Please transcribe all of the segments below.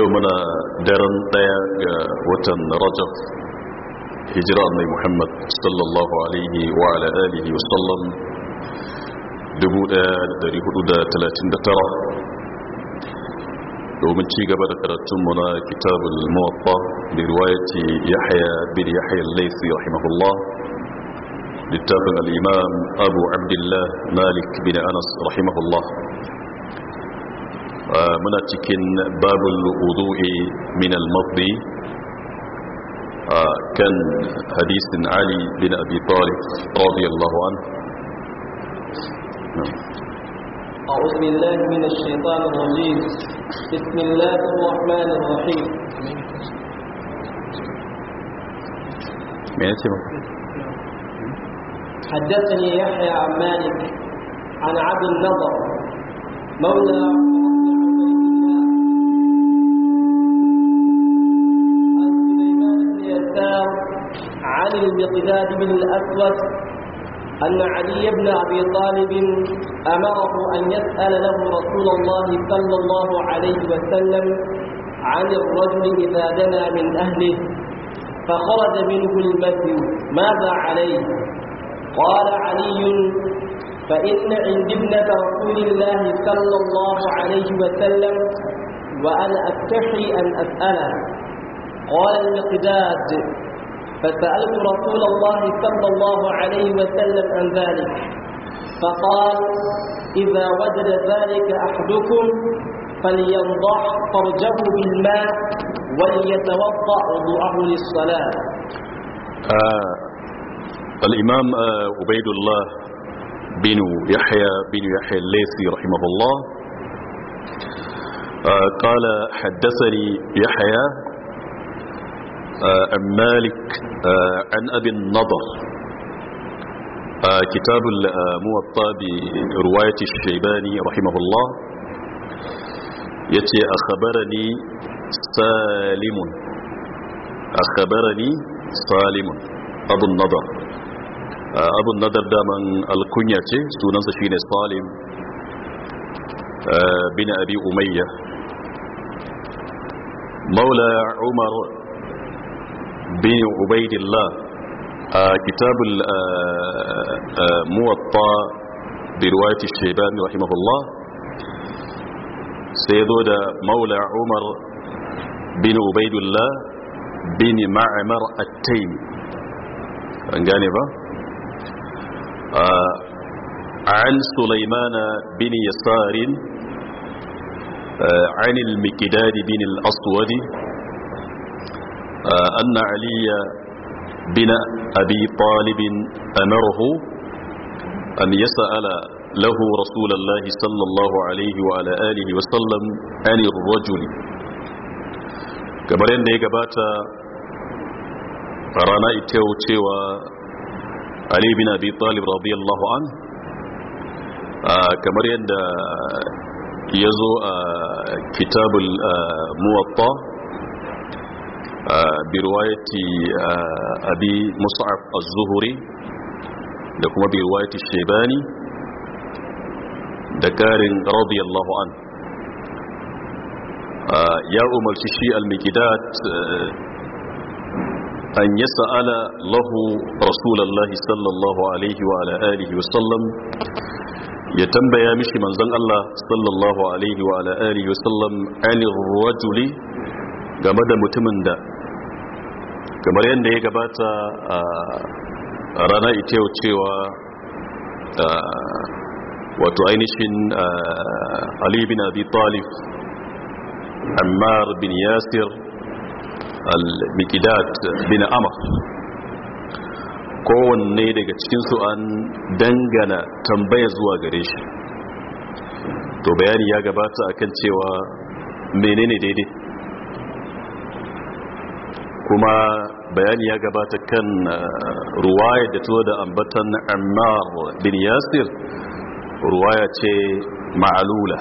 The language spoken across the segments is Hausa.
يومنا درن دايا آه، وتن رجب هجران محمد صلى الله عليه وعلى آله وسلم دبو دايا داري حدودا تلاتين دترا ومن شيء قبل كرتمنا كتاب الموطا لرواية يحيى بن يحيى الليثي رحمه الله لتابع الإمام أبو عبد الله مالك بن أنس رحمه الله muna cikin babul wudu'i min al-madhi kan hadisin ali bin abi talib radiyallahu anhu أعوذ بالله من الشيطان الرجيم بسم الله الرحمن الرحيم حدثني يحيى عن مالك عن عبد النضر مولى الوداد بن الأسود أن علي بن أبي طالب أمره أن يسأل له رسول الله صلى الله عليه وسلم عن الرجل إذا دنا من أهله فخرج منه البدو ماذا عليه قال علي فإن عند ابنة رسول الله صلى الله عليه وسلم وأنا أستحي أن أسأله قال المقداد فسألت رسول الله صلى الله عليه وسلم عن ذلك فقال إذا وجد ذلك أحدكم فلينضح فرجه بالماء وليتوضأ وضوءه للصلاة آه الإمام آه عبيد الله بن يحيى بن يحيى الليثي رحمه الله آه قال حدثني يحيى آه، عن مالك آه، عن أبي النضر آه، كتاب الموطا آه، برواية الشيباني رحمه الله يتي أخبرني سالم أخبرني سالم أبو النضر أبو النضر من الكنية سننسى شين سالم بن أبي أمية مولى عمر بن عبيد الله آه، كتاب الموطا آه، آه، برواية الشيباني رحمه الله سيدود مولى عمر بن عبيد الله بن معمر التيم انقاني عن سليمان بن يسار عن المكداد بن الأسود آه، أن علي بن أبي طالب أمره أن يسأل له رسول الله صلى الله عليه وعلى آله وسلم عن الرجل كبرين نيقبات رانا اتو تيو علي بن أبي طالب رضي الله عنه آه، كبرين يزو آه، كتاب الموطأ birwayati abi musa'ab az-zuhuri da kuma birwayati shebani da karin radiyallahu an ya umarci shi al-mikidat an yi sa'ala lahu rasulallahi sallallahu alaihi wa ala ya tambaya mishi manzon Allah sallallahu alaihi wa ala alihi wasallam rajuli game da mutumin da kamar yadda ya gabata a ranar ita yau cewa wato ainihin ali bin abi talif ammar bin yasir al-mikidat bin amar kowanne daga cikinsu an dangana tambaya zuwa gare shi to bayani ya gabata akan cewa menene daidai kuma bayani ya gabata kan uh, ruwaya da tuwa da ambatan ammar bin yasir ruwaya ce ma'alula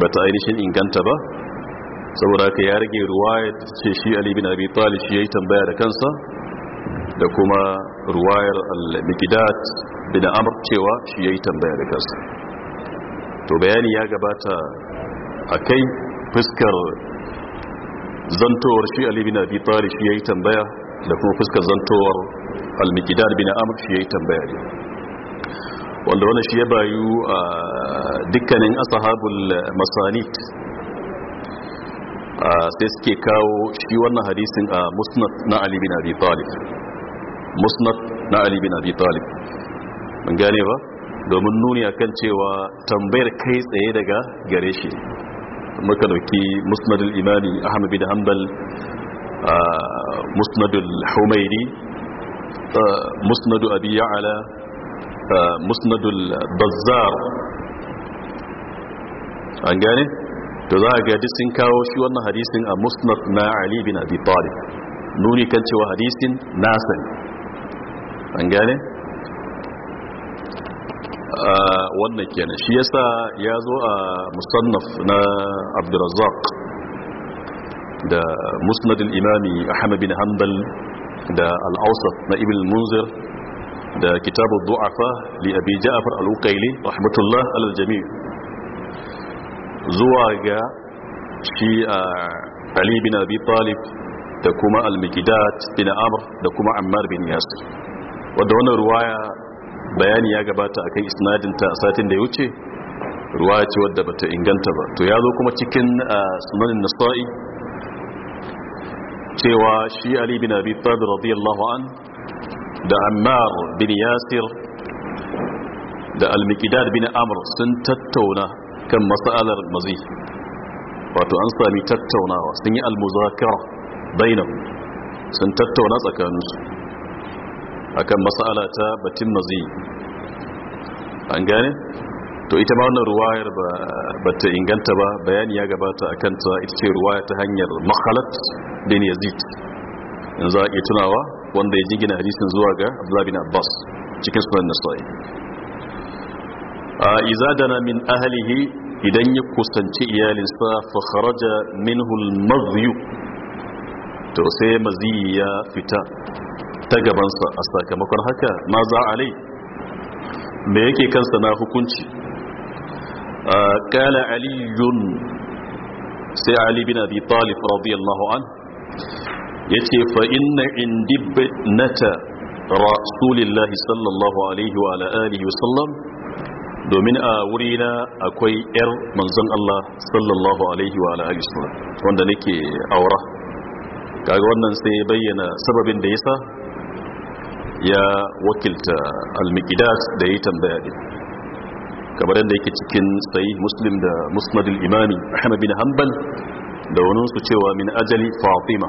ba ta ainihin inganta ba saboda ka ya rage ruwaya da ce shi ali bin abi talib shi ya yi tambaya da kansa da kuma ruwayar al-mikidat bin amr cewa shi ya yi tambaya da kansa to bayani ya gabata a kai fuskar zantowar shi ali bin abi talib shi yi tambaya da kuma fuskar zantowar almikidar bin Amur shi yi tambaya ne wanda wani shi ya bayu a dukkanin masanit a sai suke kawo shi wannan hadisin a musnad na ali bin abi talib musnad na ali bin abi talib mun gane ba domin nuni akan cewa tambayar kai tsaye daga gare shi muka dauki musnadul imani ahmad bin hanbal musnadul humairi musnadu abi ya'ala musnadul bazzar an gane to za a gaji sun kawo shi wannan hadisin a musnad na ali bin abi talib nuni kan cewa hadisin nasan an gane wannan kenan shi yasa ya zo a musannaf na abdurazzaq da musnadin imami ahmad bin hanbal da al'ausaf na ibn munzir da kitabu du'afa li abi ja'far al-uqayli rahmatullah al jami' zuwa ga shi ali bin abi talib da kuma al-miqdad bin amr da kuma ammar bin yasir wanda wannan ruwaya bayani ya gabata akan ta a satin da ya wuce ruwa ce wadda bata inganta ba to ya zo kuma cikin ah, sunanin nasa'i cewa shi ali bin abi talib radiyallahu an da ammar bin yasir da al-miqdad bin amr sun tattauna kan mas'alar mazi wato an sami tattaunawa sun yi al-muzakara bainahum sun tattauna tsakaninsu akan matsala ta batin mazi an gane to ita ma wannan ruwayar ba ta inganta ba bayani ya gabata a kanta ita ce ruwaya ta hanyar makhalat bin yazid in za a iya tunawa wanda ya jigina hadisin zuwa ga abdullahi bin abbas cikin sunan nasa'i a izadana min ahlihi idan ya kusanci iyalinsa fa kharaja minhu al-madhyu to sai mazi ya fita ta gabansa a sakamakon haka ma za a lai me yake kansa na hukunci kala aliyun sai ali bin abi talif radiyallahu an ya ce fa inna indi nata rasulillahi sallallahu alaihi wa alihi wasallam domin a wurina akwai yar manzan Allah sallallahu alaihi wa alihi wasallam wanda nake aura kaga wannan sai bayyana sababin da yasa ya wakilta al-miqdad da yi tambaya din kamar yadda yake cikin sahih muslim da musnad al-imami ahmad bin hanbal da wani su cewa min ajali fatima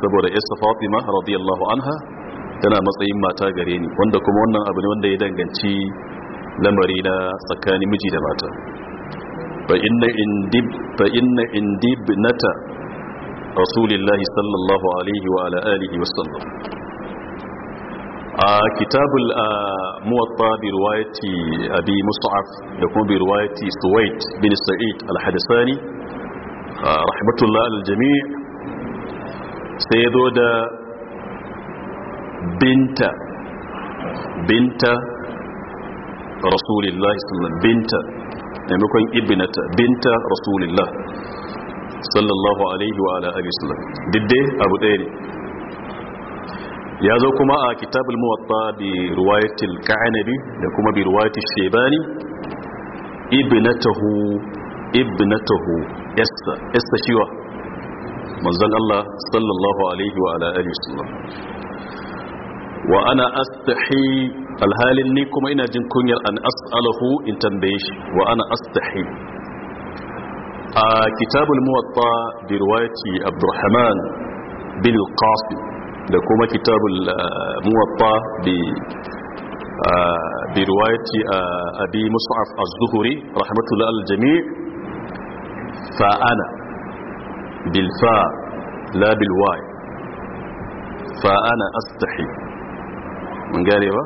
saboda yasa fatima radiyallahu anha tana matsayin mata gare ni wanda kuma wannan abu ne wanda ya danganci lamari na tsakanin miji da mata fa inna indib fa inna indib nata rasulillahi sallallahu alaihi wa ala alihi wa sallam آه، كتاب الموطا آه، برواية أبي مصعب يكون برواية سويد بن سعيد الحدثاني آه، رحمة الله على الجميع سيدود بنت بنت رسول الله صلى الله عليه وسلم بنت نمكن ابنة بنت رسول الله صلى الله عليه وعلى آله وسلم دي أبو ديري ya zo kuma a kitabul muwatta bi riwayatil ka'anabi da kuma bi riwayatil shaybani ibnatahu ibnatahu yasta yasta shiwa manzon Allah sallallahu alaihi wa ala alihi wasallam wa ana astahi alhalin ni kuma ina jin kunyar an as'alahu in tambaye shi wa ana astahi a kitabul muwatta bi riwayati abdurrahman bin al-qasim da kuma kitabul muwatta bi bi riwayati abi mus'af az-zuhri rahmatullahi al-jami' fa ana bil fa la bil way fa ana astahi mun gane ba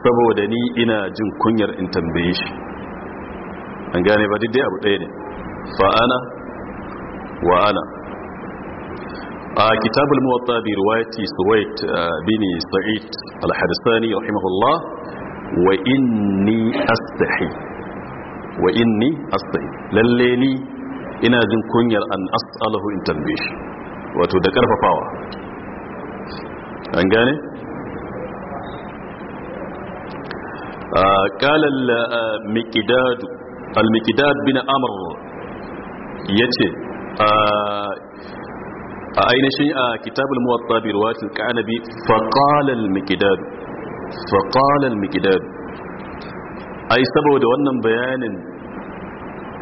saboda ni ina jin kunyar in tambaye shi an gane ba dai abu ɗaya ne fa ana wa ana آه، كتاب الموطا برواية سويت آه، بن سعيد الحدثاني رحمه الله وإني أستحي وإني أستحي لليني إنا جن كنير أن أسأله إن تنبيش وتذكر ففاوة أنجاني آه قال المكداد آه، المكداد بن أمر يتي آه a ainihin a kitabul muwatta bi ruwatil ka'anabi fa qala al miqdad fa qala al miqdad ai saboda wannan bayanin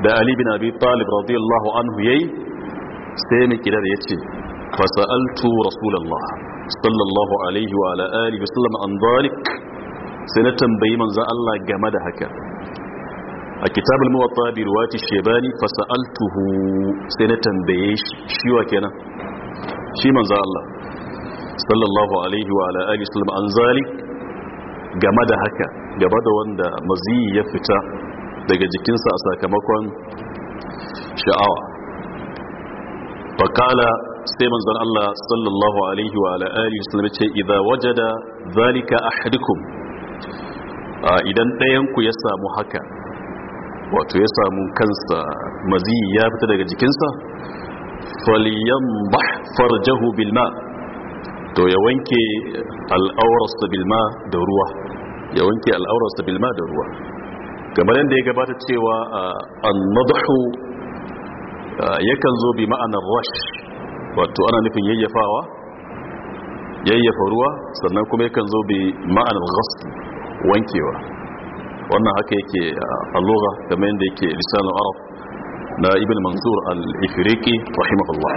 da ali bin abi talib radiyallahu anhu yayi sai miqdad yace fa sa'altu rasulullah sallallahu alaihi wa ala alihi wasallam an dalik sai na tambayi manzon Allah game da haka a kitabul muwatta bi ruwati shebani fa sa'altuhu sai na tambaye shi shiwa kenan shi manzo Allah sallallahu alaihi wa alihi wasallam an zalik game da haka game da wanda maziyi ya fita daga jikinsa a sakamakon sha'awa fakala sai manzon Allah sallallahu alaihi wa alihi wasallam ce Idan wajada zalika ahadukum idan ɗayan ku ya samu haka wato ya samu kansa maziyi ya fita daga jikinsa falyanbah farjahu bilma to ya wanke al'aurarsa bil da ruwa ya wanke al'aurarsa bil da ruwa kamar yadda ya gabata cewa an yakan zo bi ma'anar rash wato ana nufin yayyafawa yayyafa ruwa sannan kuma yakan zo bi ma'anar ghasl wankewa wannan haka yake a lugha kamar yadda yake lisanul arab na ibn mansur al-ifriqi rahimahullah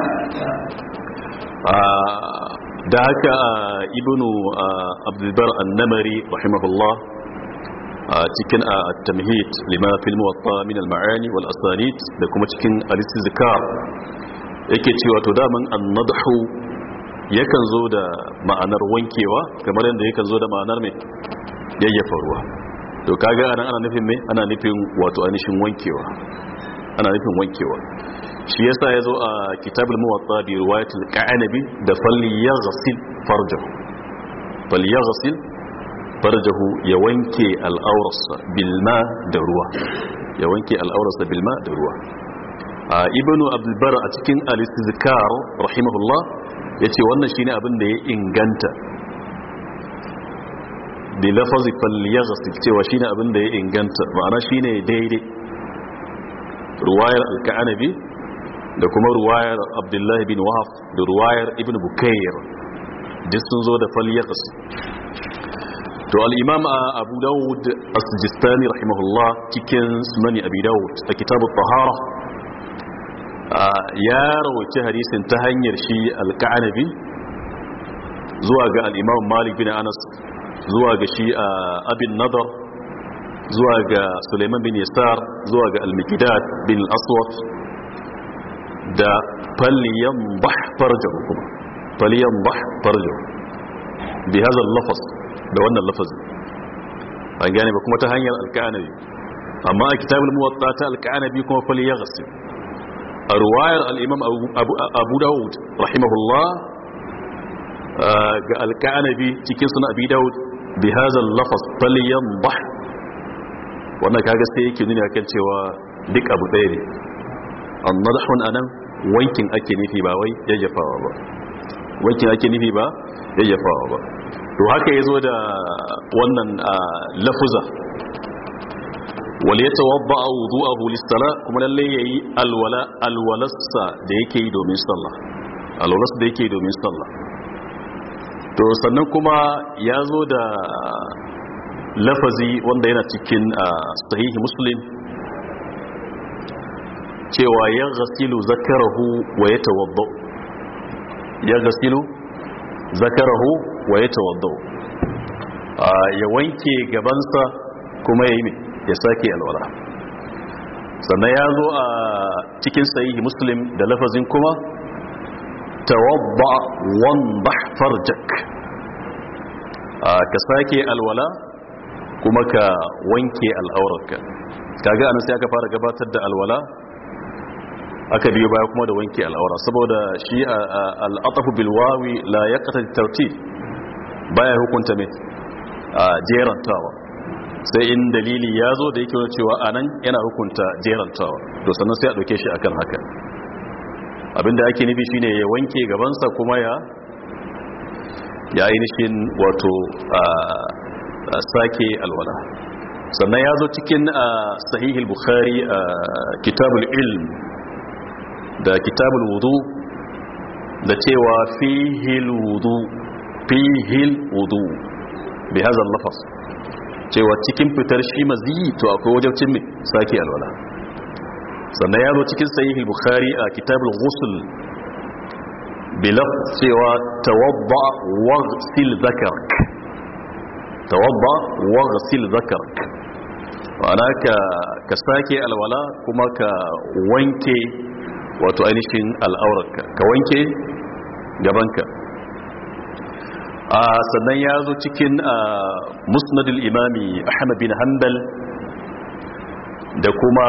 da haka ibn abdulbar annamari rahimahullah cikin a tamhid lima fil muwatta min al-ma'ani wal asanid da kuma cikin al-istizkar yake cewa to daman an-nadhu yakan zo da ma'anar wankewa kamar yadda yakan zo da ma'anar mai yayyafa ruwa to kaga ana ana nufin mai ana nufin wato anishin wankewa ana nufin wankewa shi yasa yazo a kitabul muwatta bi riwayatil qanabi da falli yaghsil farjahu yaghsil farjahu ya wanke bil ma da ruwa ya wanke bil ma da ruwa a ibnu bar a cikin al-istizkar rahimahullah yace wannan shine abin da ya inganta bi lafazi yaghsil cewa shine abin da ya inganta ma'ana shine daidai ruwayar alka'anabi da kuma ruwayar abdullahi bin wahab da ruwayar ibn bukayir duk zo da falyakas to al'imam a uh, abu dawud sujistani rahimahullah cikin sunani abu dawud a kitabu tahara uh, ya rawaci hadisin ta hanyar shi alka'anabi zuwa ga al'imam malik bin anas zuwa ga shi uh, abin nadar zuwa ga suleiman bin yasar zuwa ga almikidat bin aswat da faliyan bah farjahu kuma faliyan bah farjahu bi hazal lafaz da wannan lafazin an gane ba kuma ta hanyar alka'anabi amma a kitabul muwatta ta alka'anabi kuma faliyan ghasil a ruwayar al'imam abu dawud rahimahullah ga alka'anabi cikin suna abi dawud bi hazal lafaz faliyan bah wannan kaga sai yake nuna kan cewa duk abu ɗaya ne annadhun anan wankin ake nufi ba wai yayyafawa ba wankin ake nufi ba yayyafawa ba to haka yazo da wannan lafuza wal yatawadda wudu'ahu lis-sala kuma lalle yayi alwala alwalassa da yake yi domin sallah alwalassa da yake yi domin sallah to sannan kuma yazo da lafazi wanda yana cikin ah, sahihi muslim cewa ya gasilu zakarahu wa ya tawaddo ya gasilu zakarahu wa ya tawaddo ah, ya wanke gabansa kuma ya yi ya sake alwala sannan ya zo a ah, cikin sahihi muslim da lafazin kuma tawadda wanda farjak ka sake alwala kuma ka wanke al'aurarka kaga anan sai aka fara gabatar da alwala aka biyo baya kuma da wanke al'aura saboda shi al'atafu bilwawi la yaqta tartib baya hukunta A jerantawa sai in dalili ya zo da yake cewa anan yana hukunta jerantawa to sannan sai a ɗauke shi akan haka abinda ake nufi shine ya wanke gabansa kuma ya ya yi nishin wato sake alwala sannan ya zo cikin sahihul bukhari a kitabul ilm da kitabul wudu da cewa fihil wudu fihil wudu bi hadha lafaz cewa cikin fitar shi maziyi to akwai wajabcin mai sake alwala sannan ya zo cikin sahihul bukhari a kitabul ghusl bi lafaz cewa tawadda waghsil zakarka Tawabba wa ghasil zakark ana ka sake alwala kuma ka wanke wato ainihin al'aurarka ka wanke gabanka a sannan ya zo cikin musnadul imami ahmad bin hanbal da kuma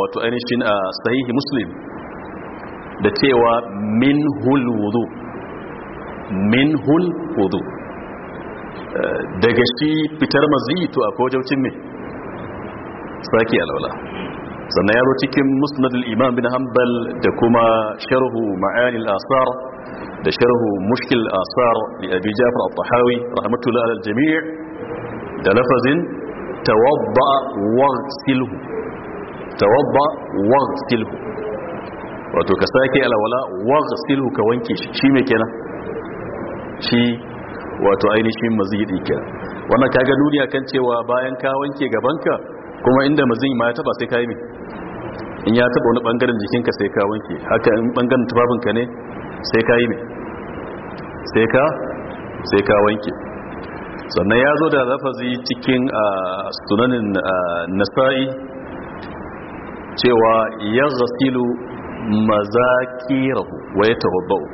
wato ainihin sahihi muslim da cewa min hul wudu min hul wudu daga shi fitar mazitu to akwai ne tsaki alwala sannan yaro cikin musnad imam bin hanbal da kuma sharhu ma'ani al-asar da sharhu mushkil al-asar li abi jafar al-tahawi rahmatullahi alal jami' da lafazin tawadda waghsilhu tawadda waghsilhu wato ka sake alwala waghsilhu ka wanke shi shi me kenan shi wato ainihin mazidi ke wannan kaga duniya kan cewa bayan ka wanke gabanka kuma inda mazin ma ya taba sai ka yi ne in ya taba wani bangaren jikinka sai ka wanke haka in bangaren tufafinka ne sai ka yi ne sai ka sai ka wanke sannan ya zo da lafazi cikin sunanin nasa'i cewa ya zasilu mazakirahu wa ya tawabba'u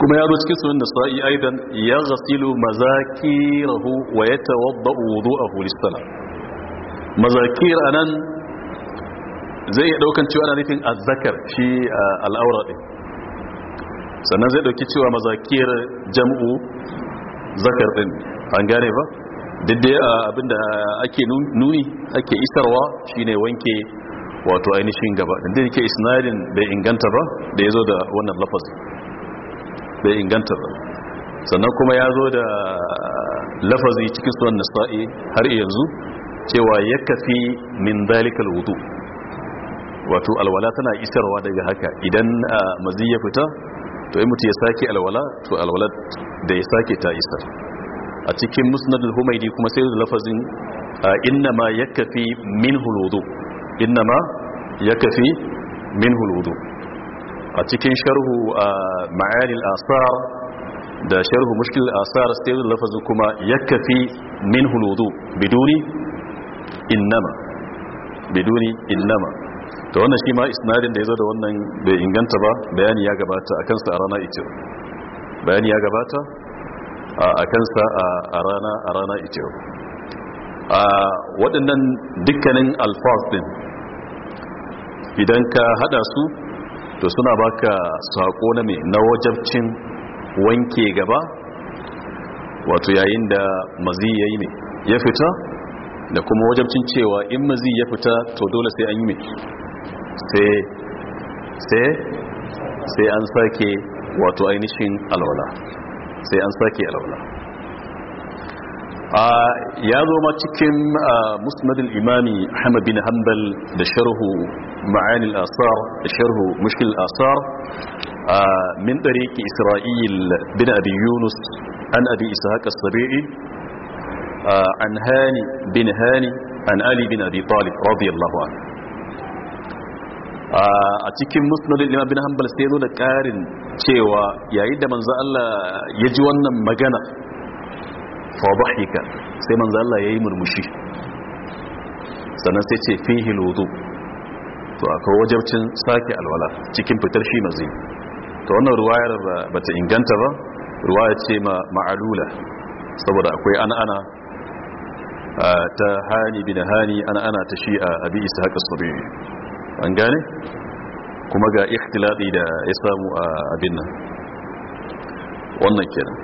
kuma ya zo cikin sunan sa'i aidan ya zasilu mazakirahu wa yatawadda'u wudu'ahu lis-salah mazakir anan zai iya daukan cewa ana nufin zakar shi al'aura din sannan zai dauki cewa mazakir jam'u zakar din an gane ba daidai abinda ake nuni ake isarwa shine wanke wato ainihin gaba inda yake isnadin bai inganta ba da ya zo da wannan lafazi bai inganta ba sannan kuma ya zo da lafazi cikin sunan nasa'i har yanzu cewa ya kafi min dalikal wudu wato alwala tana isarwa daga haka idan mazi ya fita to yi mutu ya sake alwala to alwala da ya sake ta isar a cikin musnadul humaidi kuma sai da lafazin inna ma ya kafi min huludu inna ma ya kafi min huludu a cikin sharhu a ma'anil asar da sharhu mushkil asar sai lafazin kuma kafi min huludu biduni innama biduni innama ta wannan shi ma isnadin da ya zo da wannan bai inganta ba bayani ya gabata a sa a rana ita bayani ya gabata akan sa a rana a rana ita a waɗannan dukkanin alfaz din idan ka hada su to suna baka sako na mai na wajabcin wanke gaba wato yayin da mazi ya yi ya fita da kuma wajabcin cewa in mazi ya fita to dole sai an yi mai sai an sake wato ainihin alwala sai an sake alwala ya zo ma cikin musnadin imami ahmad bin hanbal da sharhu ma'anil asar da sharhu mushkil asar min ɗariƙi isra'il bin abi yunus an abi ishaq as-sabi'i an hani bin hani an ali bin abi talib radiyallahu anhu a cikin musnadin imam bin hanbal sai zo da ƙarin cewa yayin da manzo Allah ya ji wannan magana fa sai manzo Allah yayi murmushi sannan sai ce fihi alwudu to akwai wajabcin sake alwala cikin fitar shi mazi to wannan ruwayar bata inganta ba ruwaya ce ma ma'alula saboda akwai ana ana ta hani bin hani ana ana ta shi a abi ishaq as-sabiri an gane kuma ga ikhtilafi da ya samu a abin nan wannan kenan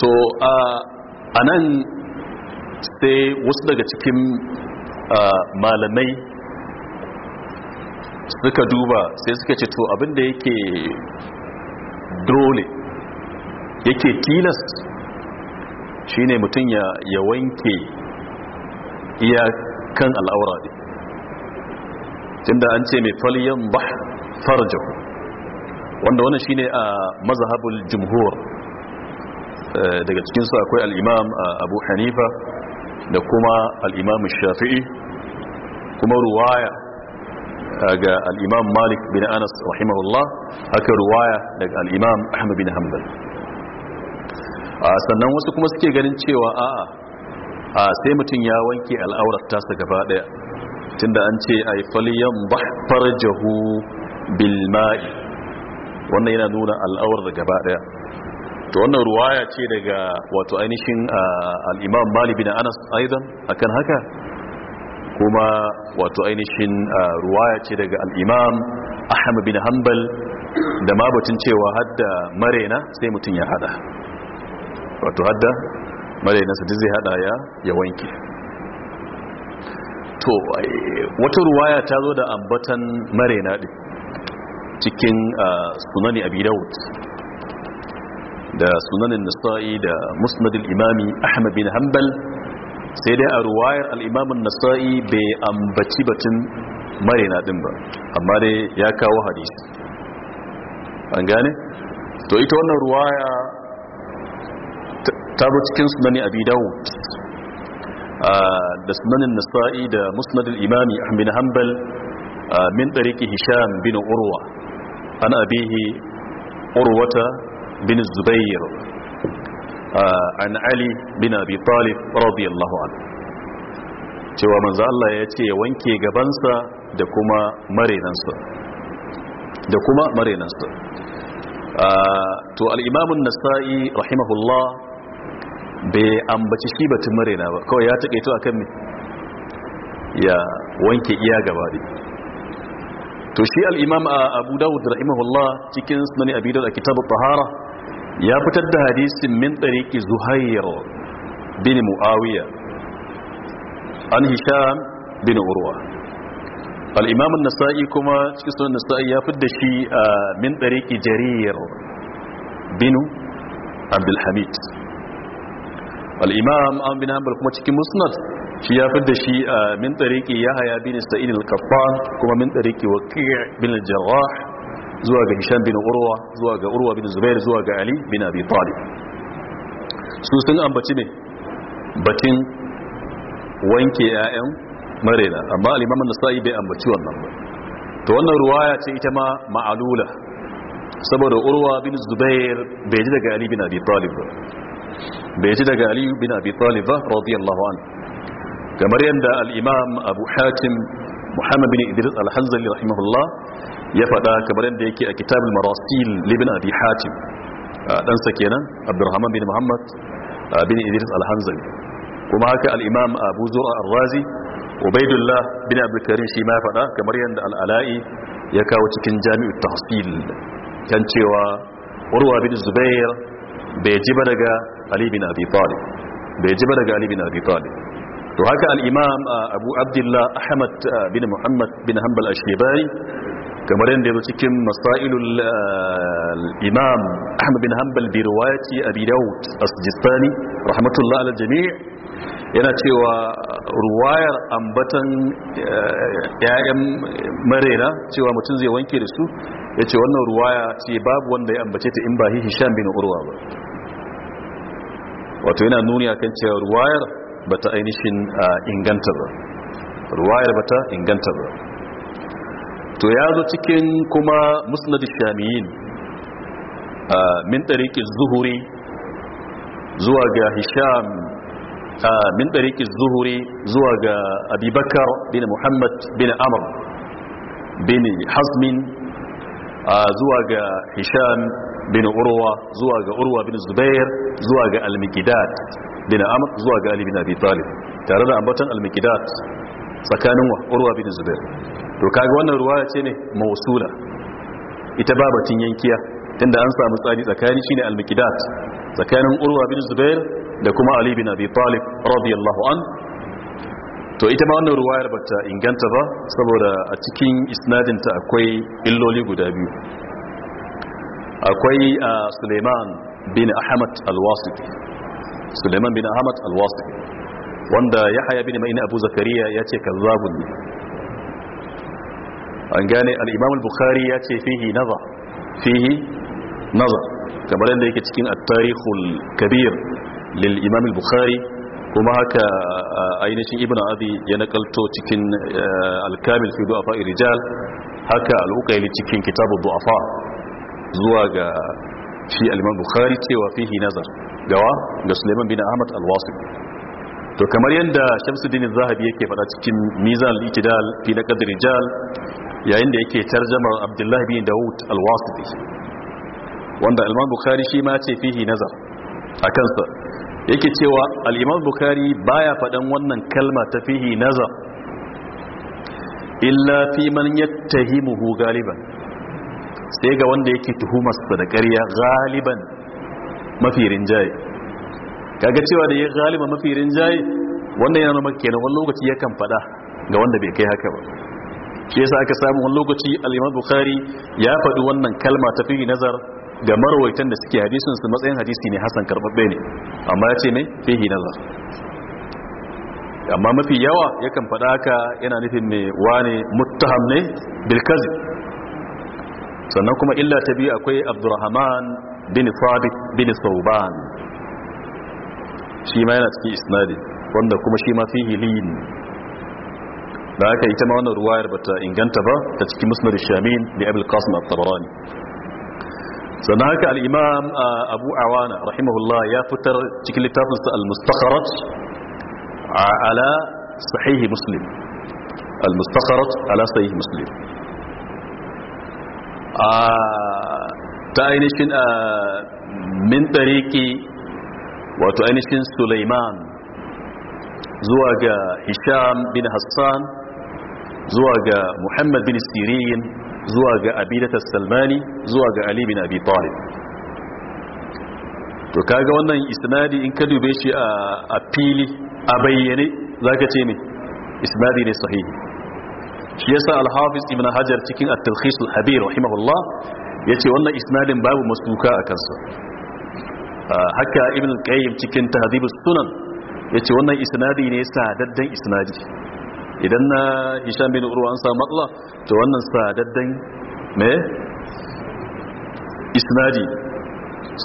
to a a nan sai wasu daga cikin malamai suka duba sai suka ce to abinda yake dole yake tilas shine mutum ya wanke iyakan al'aura ne tunda an ce mai faliyan ba farjahu wanda wani shine a mazahabul jumhur Eh, daga cikinsu akwai al'imam eh, abu hanifa da kuma al'imam shafi'i kuma ruwaya eh, ga al'imam malik bin anas rahimahullah haka ruwaya daga al'imam ahmad bin hanbal ah, sannan wasu kuma suke ganin cewa a'a sai mutum ya wanke al'aurar tasa gaba daya tunda an ce a yi faliyan bahfar jahu bilma'i wannan yana nuna al'aurar gaba daya to wannan ruwaya ce daga wato ainihin al-imam Malik bin Anas aidan akan haka kuma wato ainihin ruwaya ce daga al-imam Ahmad bin Hanbal da ma batun cewa hadda marena sai mutun ya hada wato hadda marena sai zai hada ya ya wanke to wata ruwaya ta zo da ambatan marena din cikin sunani abi dawud da sunanin nasa'i da musnadin imami ahmad bin hanbal sai dai a ruwayar al'imamin nasa'i bai ambaci batun marina din ba amma dai ya kawo hadisi an gane? to ita wannan ruwaya ta zo cikin sunani abi dawud da sunanin nasa'i da musnadin imami ahmad bin hanbal min ɗariki hisham bin urwa an abihi urwata bin zubair uh, an ali bin abi talib radiyallahu anhu cewa manzo Allah ya ce wanke gabansa da kuma marenansa da kuma marenansa uh, to al-imam an-nasa'i rahimahullah bai ambaci shi batun marena ba kawai ya taƙaito a kan me ya wanke iya gaba to shi al-imam uh, abu dawud rahimahullah cikin sunan abi dawud kitab at-tahara ya fitar da hadisin min tsariki zuhair bin mu'awiya an hisham bin urwa al'imamun nasa'i kuma cikin sunan nasa'i ya fitar da shi min tsariki jarir bin abdulhamid al'imam an bin hanbal kuma cikin musnad shi ya fi da shi min tsariki ya haya bin sa'in al-kaffan kuma min tsariki wa bin al-jarrah zuwa ga hisham bin urwa zuwa ga urwa bin zubair zuwa ga ali bin abi talib su sun ambaci ne batin wanke 'ya'yan marena amma alimamin nasa'i bai ambaci wannan ba to wannan ruwaya ce ita ma ma'alula saboda urwa bin zubair bai ji daga ali bin abi talib ba bai ji daga ali bin abi talib ba radiyallahu an kamar yadda al-imam abu hatim muhammad bin idris al-hanzali rahimahullah ya faɗa kamar yadda yake a kitabul marasil libin abi hatim ɗansa kenan abdurrahman bin muhammad bin idris alhanzali kuma haka al'imam abu zuwa al-razi ubaidullah bin abdulkarim shi ma faɗa kamar yadda al'ala'i ya kawo cikin jami'ut tahsil kan cewa urwa bin zubair bai ji daga ali bin abi talib bai ji daga ali bin abi talib to haka al'imam imam abu abdullah ahmad bin muhammad bin hanbal ash-shaybani kamar yadda yazo cikin masailul eh, imam ahmad bin hanbal bi riwayati abi daud as-sijistani rahmatullah ala jami' yana cewa ruwayar ambatan ya'yan eh, marena cewa mutum zai wanke da su yace wannan ruwaya ce babu wanda ya ambace ta in ba hisham bin urwa ba wato yana nuni akan cewa ruwayar bata ainihin eh, inganta ba ruwayar bata inganta ba to ya zo cikin kuma musnad shamiyin min tariki zuhuri zuwa ga hisham a min tariki zuhuri zuwa ga abubakar bin muhammad bin amr bin hasmin zuwa ga hisham bin urwa zuwa ga urwa bin zubair zuwa ga al bin amr zuwa ga ali bin abi talib tare da ambaton al tsakanin wa urwa bin zubair to kaga wannan ruwaya ce ne mausula ita ba yankiya tunda an samu tsari tsakani shine al miqdad tsakanin urwa bin zubair da kuma ali bin abi talib radiyallahu an to ita ma wannan ruwayar bata inganta ba saboda a cikin isnadinta akwai illoli guda biyu akwai ah, Suleiman bin Ahmad al-Wasiti Suleiman bin Ahmad al-Wasiti wanda ya haya bin mai na abu zakariya ya ce kazzabun ne an gane al'imam al-bukhari ya ce fihi nazar fihi nazar kamar yadda yake cikin at-tarihul kabir lil imam al-bukhari kuma haka ainihin ibn abi ya nakalto cikin al-kamil fi du'afa rijal haka al-uqayli cikin kitabu du'afa zuwa ga shi al-imam bukhari cewa fihi nazar gawa ga suleiman bin ahmad al-wasiti to kamar yadda shamsuddin zahabi yake faɗa cikin mizan al-itidal fi na rijal yayin da yake tarjamar abdullahi bin daud al-wasiti wanda al-imam bukhari shi ma ce fihi nazar a kansa yake cewa al-imam bukhari baya faɗan wannan kalma ta fihi nazar illa fi man yattahimuhu galiban sai ga wanda yake tuhumarsa da ƙarya galiban mafi rinjaye kaga cewa da ya galiba mafi rinjaye wannan yana nuna kenan wani lokaci yakan fada ga wanda bai kai haka ba shi yasa aka samu wani lokaci al-Imam Bukhari ya faɗi wannan kalma ta fi nazar ga marawaitan da suke hadisin su matsayin hadisi ne hasan karbabbe ne amma ya ce mai fihi nazar amma mafi yawa yakan faɗa haka yana nufin ne, wani muttaham ne bil kazib sannan kuma illa ta biyu akwai Abdurrahman bin Thabit bin Thawban shi ma yana cikin isnadi wanda kuma shi ma fihi lin da aka ita ma wannan ruwayar bata inganta ba ta cikin musnad shamin da abul qasim at-tabarani sannan haka al-imam abu awana rahimahullah ya fitar cikin littafin sa al-mustakharat ala sahih muslim al-mustakharat ala sahih muslim ta ainihin min tariki wato ainihin Suleiman zuwa ga Hisham bin Hassan zuwa ga Muhammad bin Sirin zuwa ga Abidata Salmani zuwa ga Ali bin Abi Talib to kaga wannan isnadi in ka dube shi a fili a bayyane zaka ce ne isnadi ne sahihi shi yasa al-hafiz ibn hajar cikin at-talkhis al-habir rahimahullah yace wannan isnadin babu masuka a kansa haka ibn qayyim cikin as sunan yace wannan isnadi ne sadaddan isnadi idan na hisham bin urwa an samu matsala to wannan sadaddan me isnadi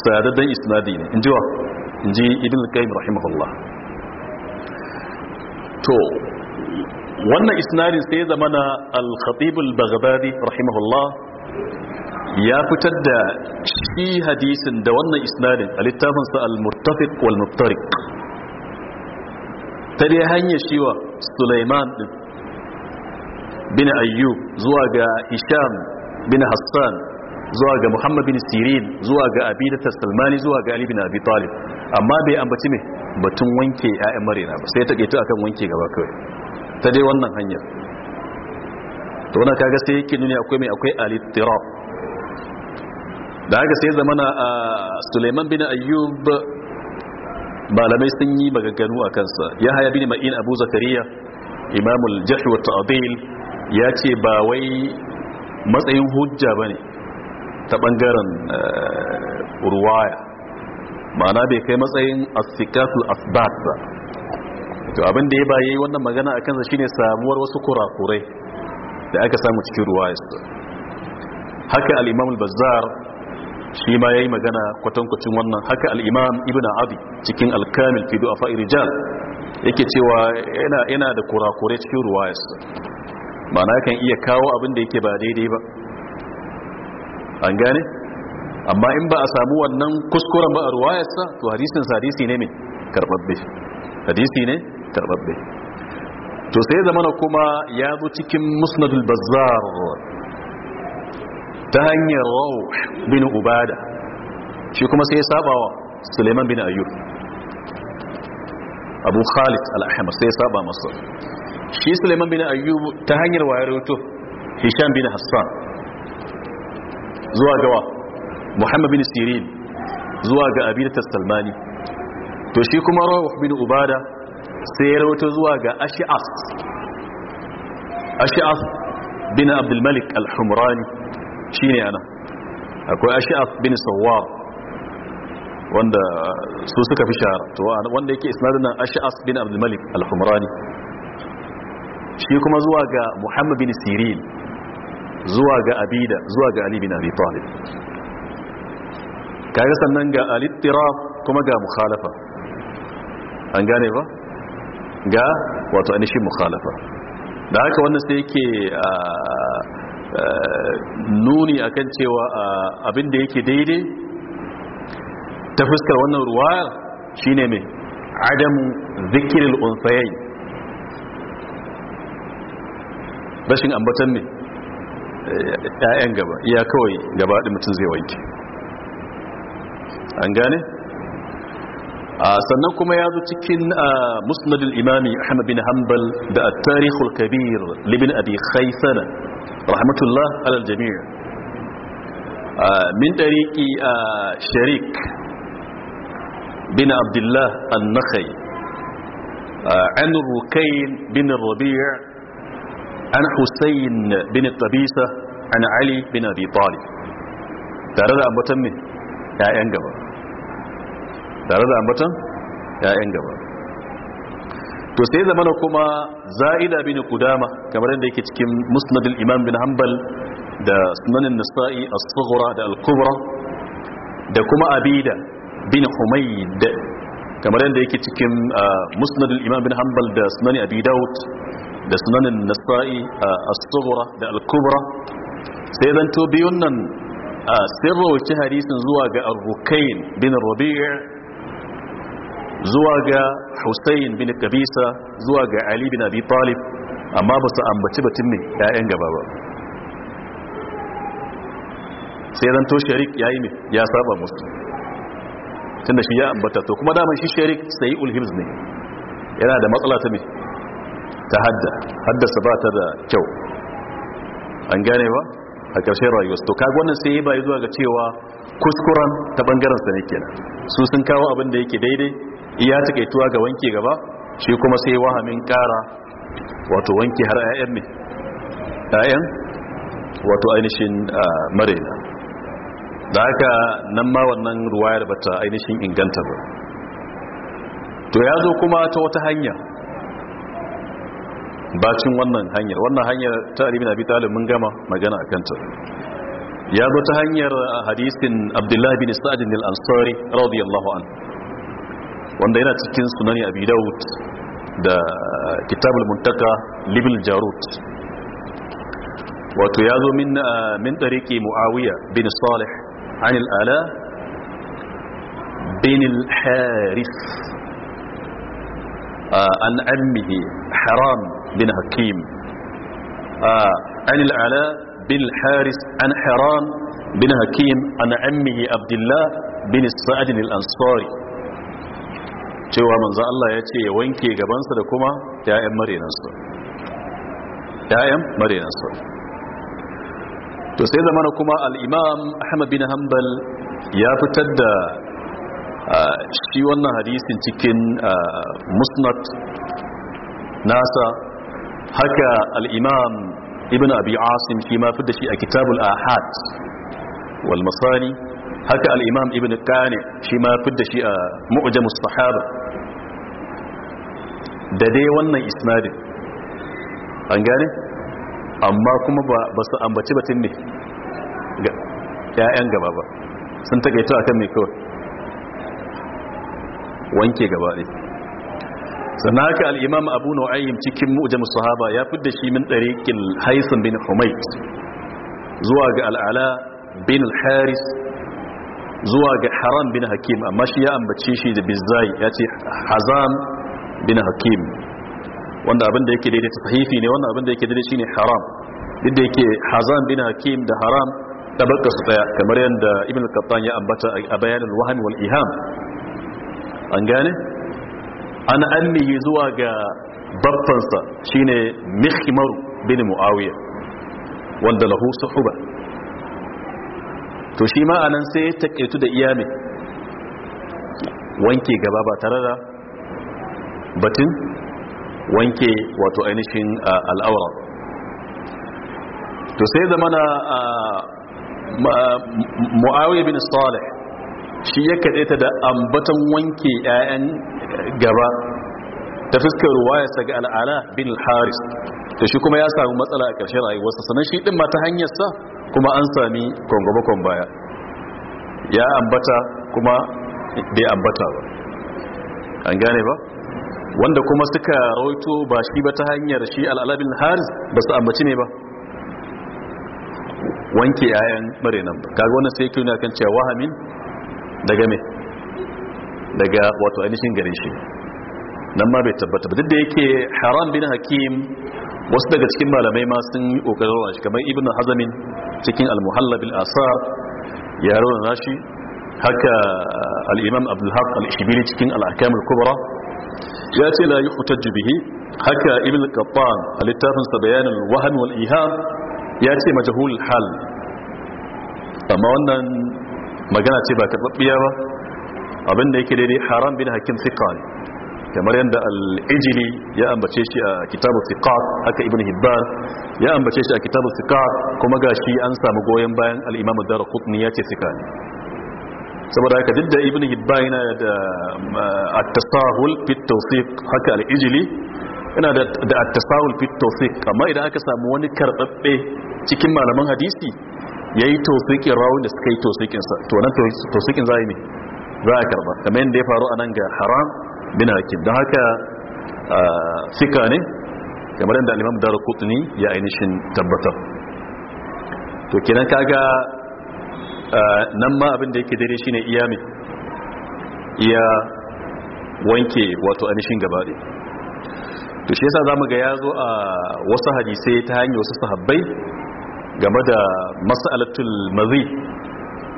sadaddan isnadi ne inji wa inji ibn qayyim rahimahullah to wannan isnadi sai zamana al-khatib al-baghdadi rahimahullah ya fitar da shi hadisin da wannan isnadin a littafinsa al-murtafiq wal muftariq ta dai hanyar shiwa Sulaiman din bin Ayyub zuwa ga isham bin Hassan zuwa ga Muhammad bin Sirin zuwa ga Abidat Salmani zuwa ga Ali bin Abi Talib amma bai ambaci me batun wanke ƴaƴan marina ba sai ta kaito akan wanke gaba kawai ta dai wannan hanyar to wannan kaga sai yake nuni akwai mai akwai al da haka sai zamana a suleiman bin ayyub malamai sun yi maganganu a kansa ya haya bin ma'in abu zakariya imamul jahi wa ta'adil ya ce ba wai matsayin hujja ba ne ta ɓangaren eh, ruwaya ma'ana bai kai matsayin asikatul asbat ba to abin da ya baye wannan magana a kansa shine samuwar wasu kurakurai da aka samu cikin ruwaya. haka al-imam al-bazzar shi ma yayi magana kwatankwacin wannan haka al-imam ibn abi cikin al-kamil fi du'a rijal yake cewa yana yana da kurakure cikin ruwayas ma'ana kan iya kawo abin da yake ba daidai ba an gane amma in ba a samu wannan kuskuren ba a ruwayarsa to hadisin hadisi ne mai karbabbe hadisi ne karbabbe to sai zamana kuma ya zo cikin musnadul bazzar ta hanyar rauh bin ubada shi kuma sai ya saba wa suleiman bin ayyub abu khalid al-ahmad sai ya saba masa shi suleiman bin ayyub ta hanyar wayar wuto hisham bin hassan zuwa gawa muhammad bin sirin zuwa ga abidatar salmani to shi kuma rawar bin ubada sai ya rawato zuwa ga ashi'as ashi'as bin abdulmalik al-humrani shi ne ana akwai a bin sawwab wanda su suka fi shahara to wanda yake isnadin nan ashi'af bin abdul malik al-humrani shi kuma zuwa ga muhammad bin sirin zuwa ga abida zuwa ga ali bin abi talib kaga sannan ga al-ittiraf kuma ga mukhalafa an gane ba ga wato anishin mukhalafa da haka wannan sai yake Eh, nuni akan cewa eh, abin da yake daidai ta fuskar wannan ruwayar shine mai adam zikirin unsayayi rashin ambatan ne eh, ‘ya'yan gaba iya kawai gaba da mutum zai wanke an gane? Ah, sannan kuma ya zo cikin ah, musnadul imami ahmad bin hanbal da a tarihul kabir libin abi khaisana رحمة الله على الجميع من dariki شريك بن عبد الله abdullah عن الركين بن الربيع عن حسين بن الطبيسة عن علي بن أبي طالب ترى أن أمبتن يا أنجب ترى أن أمبتن يا أنجب to sai zamana kuma za'ida bin kudama kamar yadda yake cikin musnadul imam bin hanbal da sunanin nasa'i as-sughra da al-kubra da kuma abida bin humayd kamar yadda yake cikin ah, musnadul imam bin hanbal da sunani abi daud da sunanin nasa'i ah, as-sughra da al-kubra sai zanto biyun nan ah, sirrawaci hadisin zuwa ga al-rukayn bin rabi' zuwa ga Hussein bin Kabisa zuwa ga Ali bin Abi Talib amma ba su ambaci batun ne ƴaƴan gaba ba sai zan to sharik yayi ne ya saba musu tunda shi ya ambata to kuma daman shi sharik sai ulhibz ne yana da matsala ta ne ta hadda haddasa ba ta da kyau an gane ba a ƙarshen rayuwarsu to kaga wannan sai ya bayi zuwa ga cewa kuskuren ta bangaren sa ne kenan su sun kawo abin da yake daidai iya takaituwa ga wanke gaba shi kuma sai wahamin kara wato wanke har 'ya'yan ne 'ya'yan wato ainihin marena da haka nan ma wannan ruwayar bata ainihin inganta ba to ya zo kuma ta wata hanya bacin wannan hanyar wannan hanyar ta alimin abi talib mun gama magana a kanta ya zo ta hanyar hadisin abdullahi bin sa'adin al-ansari radiyallahu anhu wanda yana cikin sunani abi daud da kitabul muntaka libil jarut wato ya zo min min tariki muawiya bin salih an al-ala bin al-haris an ammihi haram bin hakim an al-ala bin al-haris an haram bin hakim an ammihi abdullah bin sa'd al-ansari cewa manzo Allah ya ce ya wanke gabansa da kuma ƴaƴan marinansu ƴaƴan marinansu to sai zamana kuma al-Imam Ahmad bin Hanbal ya fitar da shi wannan hadisin cikin musnad nasa haka al-Imam Ibn Abi Asim shi ma fitar shi a Kitabul Ahad wal Masani haka al-Imam Ibn Qani shi ma fitar shi a Mu'jamus Sahaba da dai wannan isnadin an gane amma kuma ba su ambaci batun ne ga ƴaƴan gaba ba sun takaito akan mai kawai wanke gaba ne sannan haka al'imam abu nu'ayyim cikin mu'jam sahaba ya fidda shi min ɗariƙin haisun bin humait zuwa ga al'ala bin haris zuwa ga haram bin hakim amma shi ya ambace shi da bizai ya ce hazan bin hakim wanda abin da yake daidai ta ne wannan abin da yake daidai shine haram duk da yake hazan bin hakim da haram tabarka su daya kamar yadda ibn al-qattan ya ambata a al-wahm wal iham an gane an ammihi zuwa ga babbansa shine mihmar bin muawiya wanda lahu suhuba to shi ma anan sai ya takaitu da iyami wanke gaba ba tare da batun wanke wato ainihin al'aura to sai mana mu'awiyar bin salih shi ya kaɗe ta da ambatan wanke 'ya'yan gaba ta fuskar ya saga al'ala bin haris to shi kuma ya sami matsala a ƙarshen rayuwarsa sannan shi ɗin ma ta hanyarsa kuma an sami kwangwabakon baya ya ambata kuma bai ambata ba an gane ba wanda kuma suka rawaito ba shi ba ta hanyar shi al'alabin haris ba su ambaci ne ba wanke yayan ba kaga wannan sai kyau na kan cewa wahamin daga me daga wato ainihin gare shi nan ma bai tabbata ba duk da yake haram bin hakim wasu daga cikin malamai ma sun yi kokarin rawa shi kamar ibnu hazamin cikin al bil asar ya rawa shi haka al-imam abdul haq al-ishbili cikin al-ahkam al-kubra ya ce la yi hutar haka ibn kaffan a littafinsa bayanin wahan wal iham ya ce majahul hal amma wannan magana ce ba babbiya ba abinda yake daidai haram bin hakim thiqan kamar yadda al ya ambace shi a kitabu thiqat haka ibn Hibbar ya ambace shi a kitabu Sika kuma gashi an samu goyon bayan al'imamu dara kutni ya ce thiqan saboda haka duk da ibn hibban yana da at-tasahul fi tawfiq haka al-ijli yana da at-tasahul fi tawfiq amma idan aka samu wani karbabbe cikin malaman hadisi yayi tawfiqin rawun da suka yi tawfiqin sa to nan tawfiqin zai ne za a karba kamar yadda ya faru a nan ga haram bin hakim don haka fika ne kamar yadda al-imam darqutni ya ainihin tabbatar to kenan kaga nan ma abin da yake daidai shine iya iya wanke wato anishin gaba to shi yasa zamu ga ya zo a wasu hadisai ta hanyar wasu sahabbai game da mas'alatul mazi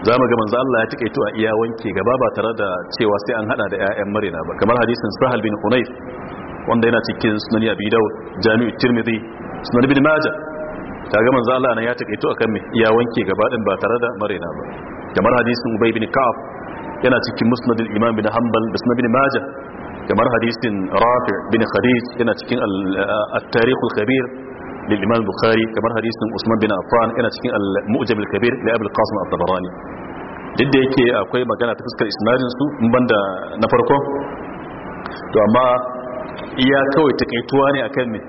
zamu ga manzo Allah ya takaito a iya wanke gaba ba tare da cewa sai an hada da ƴaƴan marina ba kamar hadisin Sahal bin Hunayf wanda yana cikin Sunan Abi Dawud Jami'u Tirmidhi Sunan Ibn Majah kaga manzo Allah nan ya takaito akan me ya wanke gaba ba tare da marena ba kamar hadisin Ubay bin Ka'ab yana cikin Musnad al-Imam bin Hanbal da Sunan bin Majah kamar hadisin Rafi' bin Khadij yana cikin uh, at-Tarikh al-Kabir للإمام البخاري كما حديث عثمان بن عفان كان cikin المؤجم الكبير لأبي القاسم الطبراني duk da yake akwai magana ta fuskar isnadin su banda na farko to amma iya kawai takaituwa ne akan ne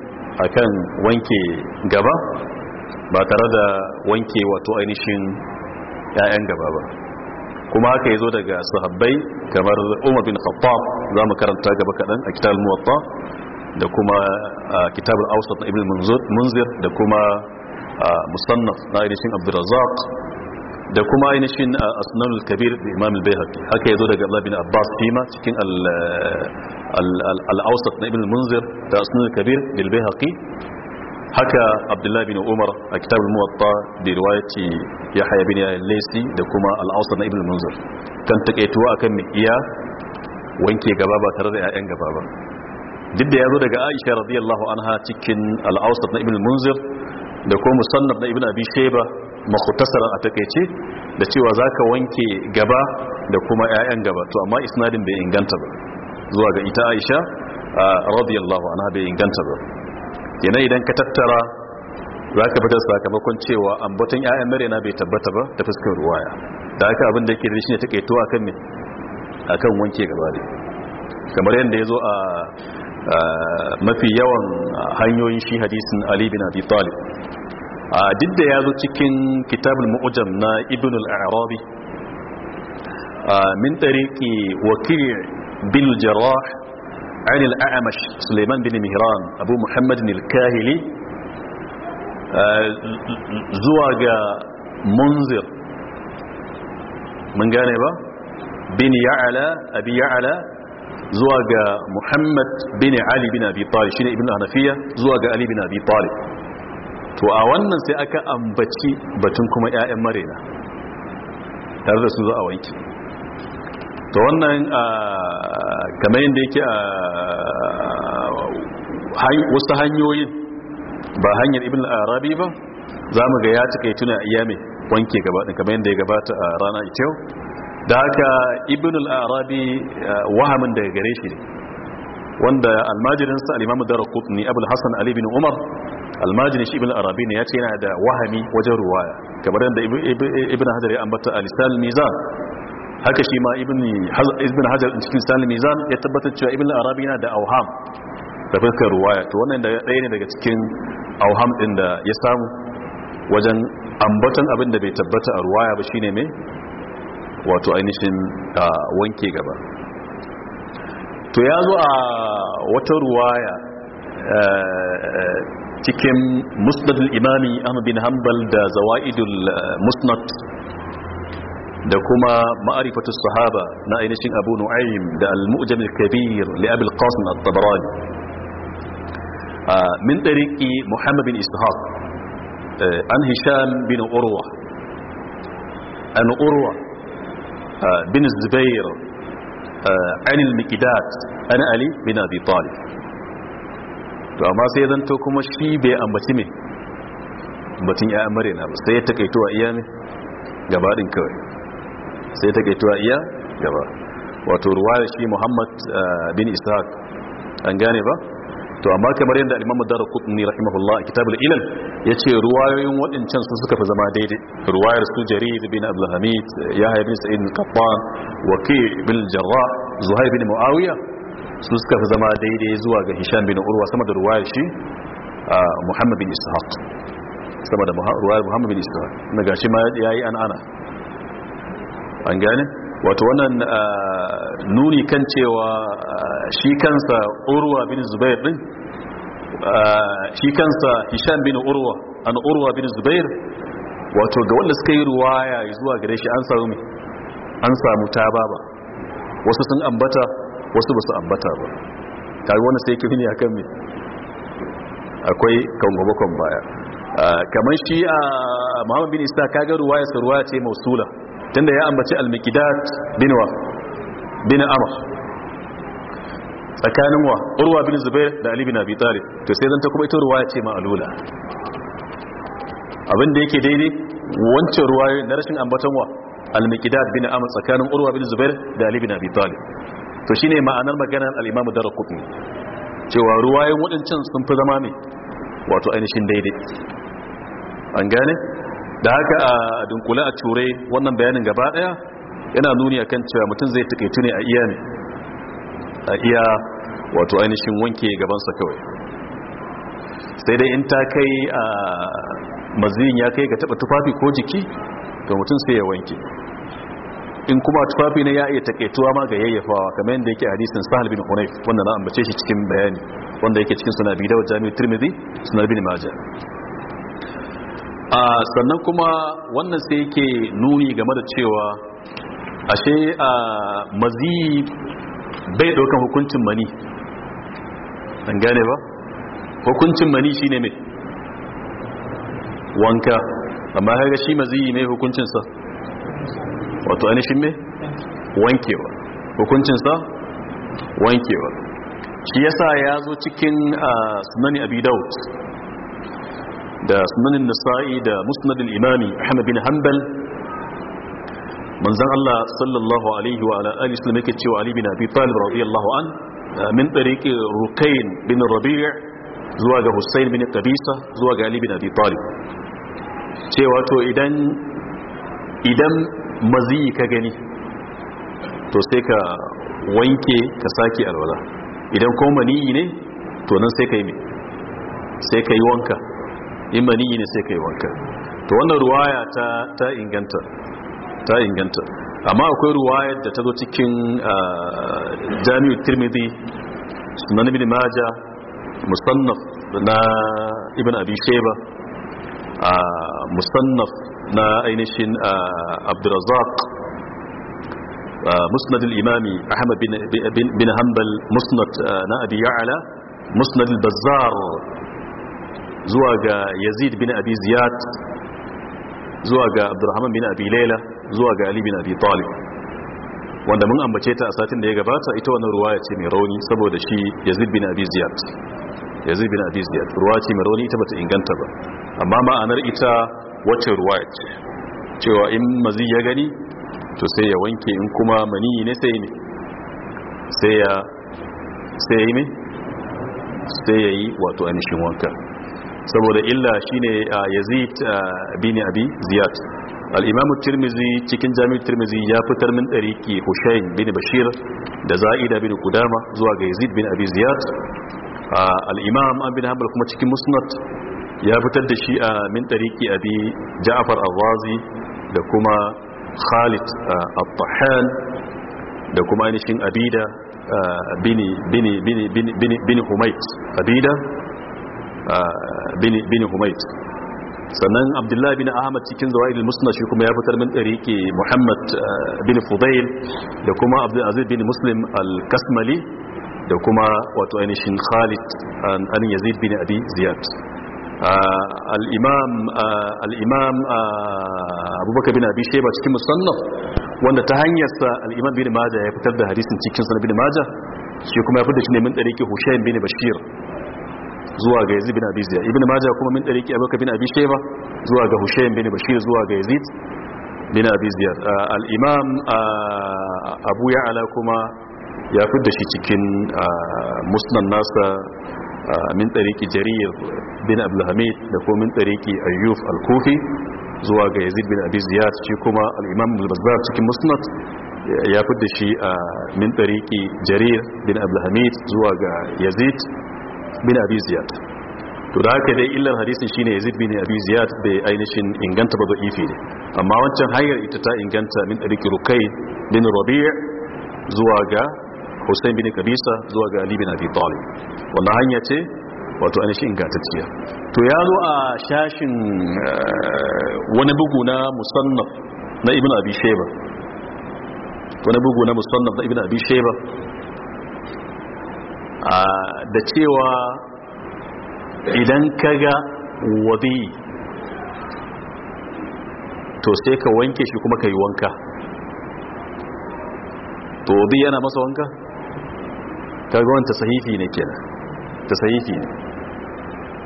akan wanke gaba ba tare da wanke wato ainihin ƴaƴan gaba ba kuma haka yazo daga sahabbai kamar umar bin khattab za mu karanta gaba kadan a kitab muwatta da kuma kitab al-awsat na ibn munzir da kuma musannaf na ainihin Abdul Razzaq da kuma ainihin asnan al-kabir da imam al-bayhaqi haka yazo daga Allah bin Abbas fima cikin al-awsat na ibn munzir da asnan al-kabir bil bayhaqi haka abdullahi bin umar a kitabul muwatta da riwayati ya haya bin lesi da kuma al'ausar na ibn munzir kan takaituwa akan iya wanke gaba ba tare da 'ya'yan gaba ba duk da ya zo daga aisha radiyallahu anha cikin al'ausar na ibn munzir da kuma musannaf na ibn abi sheba makhutasaran a takaice da cewa zaka wanke gaba da kuma 'ya'yan gaba to amma isnadin bai inganta ba zuwa ga ita aisha radiyallahu anha bai inganta ba yana idan ka tattara za ka fitar sakamakon cewa ambatan 'ya'yan marina bai tabbata ba ta fuskar ruwaya da aka abin da ke da shi ne takaito a kan ne a kan wanke gaba ne kamar yadda ya zo a mafi yawan hanyoyin shi hadisin ali bin abi talib a duk da ya zo cikin kitabul mu'jam na ibn al-arabi min tariqi wakil bil jarrah عن الأعمش سليمان بن مهران أبو محمد الكاهلي زواج منذر من جانبه بن يعلى أبي يعلى زواج محمد بن علي بن أبي طالب شيني ابن الهنفية زواج علي بن أبي طالب to a wannan بتنكم aka أمرينا هذا kuma 'ya'yan to wannan kamar yadda yake a wasu hanyoyin ba hanyar ibn arabi ba za mu ga ya cika yi tuna iya mai wanke gabata kamar yadda ya gabata a rana ita yau da haka ibn arabi wahamin daga gare shi wanda almajirinsa alimamu dara kutni abul hassan ali bin umar almajirin shi ibn arabi ne ya ce yana da wahami wajen ruwaya kamar yadda ibn hajar ya ambata a lisan mizan haka shi ma ibn hajar cikin sanin mizan ya tabbatar cewa ibn arabi yana da auham da fuskar ruwaya to wannan ɗaya ne daga cikin auham ɗin da ya samu wajen ambatan abin da bai tabbata a ruwaya ba shine mai wato ainihin wanke gaba to ya zo a wata ruwaya eh, cikin musnad imami ahmad bin Hambal da zawaidul eh, musnad da kuma ma'arifatu sahaba na ainihin abu nu'aym da al-mu'jam al-kabir li abi al-qasim at-tabarani min tariqi muhammad bin ishaq an hisham bin urwa an urwa bin zubair an al-miqdad an ali bin abi talib to amma sai to kuma shi bai ambaci me mutun ya amare na sai ya takaito a ne gabarin kawai sai ta gaituwa iya gaba wato ruwaya shi muhammad eh, bin ishaq an gane ba to amma kamar yadda al-imam ad-darqutni rahimahullah kitab al-ilal yace ruwayoyin waɗancan sun suka fi zama daidai ruwayar su jarir bin abdul hamid yahya bin sa'id al waki waqi' bin jarrah zuhayr bin muawiya sun suka fi zama daidai zuwa ga hisham bin urwa sama da ruwayar shi eh, muhammad bin ishaq sama da ruwayar muhammad bin ishaq na gashi ma ya yi an ana an gane wato wannan ah, nuni kan cewa ah, shi kansa urwa bin zubair din ah, shi kansa hisham bin urwa an urwa bin zubair wato ga wanda suka yi ruwaya zuwa gare shi an samu an samu baba wasu sun ambata wasu basu ambata ba kai wanda sai yake ne akan me akwai kangobakon baya kamar shi a muhammad bin isa kaga ruwaya sa ruwaya ce mausula tunda ya ambaci al-miqdad bin wa bin amr tsakanin wa urwa bin zubair da ali bin abi talib to sai zanta kuma ita ruwaya ce ma'lula abin da yake daidai wancan ruwaya na rashin ambatan wa al-miqdad bin amr tsakanin urwa bin zubair da ali bin abi talib to shine ma'anar maganar al-imam darqutni cewa ruwayoyin wadancan sun fi zama ne wato ainihin daidai an gane da haka a dunkule a ture wannan bayanin gaba daya yana nuni a kan cewa mutum zai takaitu ne a iya ne a iya wato ainihin wanke gabansa kawai sai dai in ta kai a mazin ya kai ga taba tufafi ko jiki to mutum sai ya wanke in kuma tufafi ne ya iya takaituwa ma ga yayyafawa kamar yadda yake hadisin sahal bin hunayf wanda na ambace shi cikin bayani wanda yake cikin sunan bi dawud Turmizi tirmidhi sunan bin majah sannan kuma wannan sai yake nuni game da cewa ashe a mazi bai daukan hukuncin mani an gane ba hukuncin mani shine mai wanka amma haka shi mazi mai hukuncinsa wato anishin mai wankewa hukuncinsa wankewa shi yasa ya zo cikin sunani abi da sunanin nasa'i da musnadin imami ahmad bin hanbal manzan Allah sallallahu alaihi wa alihi sallam yake cewa ali bin abi talib radiyallahu an min tariqi rukayn bin rabi' zuwa ga husayn bin qabisa zuwa ga ali bin abi talib cewa to idan idan mazi ka gani to sai ka wanke ka sake alwala idan kuma maniyi ne to nan sai ka yi sai ka yi wanka in ne sai kai wanka to wannan ruwaya ta inganta amma akwai ruwayar da ta zo cikin ah, Jami'ar tirmidhi sunan ibn majah musannaf na ibn abi shayba ah, musannaf na ainihin ah, abdurrazzaq musnad al imami ahmad bin bin hanbal musnad na abi ya'la musnad al-bazzar zuwa ga yazid bin abi ziyad zuwa ga abdurrahman bin abi laila zuwa ga ali bin abi talib wanda mun ambace ta a satin da ya gabata ita wannan ruwaya ce mai rauni saboda shi yazid bin abi ziyad yazid bin abi ziyad ruwaya ce mai rauni ita bata inganta ba amma ma'anar ita wacce ruwaya ce cewa in mazi ya gani to sai ya wanke in kuma mani ne sai ne sai ya sai yi ne sai ya yi wato ainihin wanka saboda illa shine uh, yazid uh, bin abi ziyad al-imam tirmizi cikin jami'ar Turmizi ya fitar min dariki hushayn bin bashir da za'ida bin kudama zuwa ga yazid bin abi ziyad uh, al-imam an bin hanbal kuma cikin musnad ya fitar da shi a min dariki abi ja'far al-razi da kuma khalid al-tahan da kuma nishin abida bin bini bin humayt abida bin humayt sannan abdullahi bin ahmad cikin zawa'il musnad shi kuma ya fitar min dariki muhammad bin fudail da kuma abdul aziz bin muslim al-kasmali da kuma wato ainihin khalid an yazid bin abi ziyad al'imam abubakar bin abi sheba cikin musannaf wanda ta hanyarsa al'imam bin maja ya fitar da hadisin cikin sanar bin maja shi kuma ya fitar da shi neman ɗariki hushayin bin bashir zuwa ga yazid bin abi ziyad ibn majah kuma min tariqi abubakar bin abi shayba zuwa ga husayn bin bashir zuwa ga yazid bin abi ziyad al-imam abu ya'la kuma ya fi da shi cikin musnad nasa min tariki jarir bin abdulhamid da kuma min tariki ayyuf al-kufi zuwa ga yazid bin abi ziyad shi kuma al-imam al-bazzar cikin musnad ya fi da shi min tariki jarir bin abdulhamid zuwa ga yazid bin abi ziyad to da haka dai illar hadisin shine yazid bin abi ziyad bai ainihin inganta ba da'ifi ne amma wancan hanyar ita ta inganta min dariki rukai bin rabi' zuwa ga Hussein bin Kabisa zuwa ga Ali bin Abi Talib wannan hanya ce wato ainihin ingantacciya to ya zo a shashin eh, wani bugu na musannaf na Ibn Abi Shayba wani bugu na musannaf na ibnu Abi Shayba Ah, da cewa idan ka ga wadi to sai ka wanke shi kuma ka yi wanka to wadi yana masa wanka ta ga ta sahifi ne kenan sahifi ne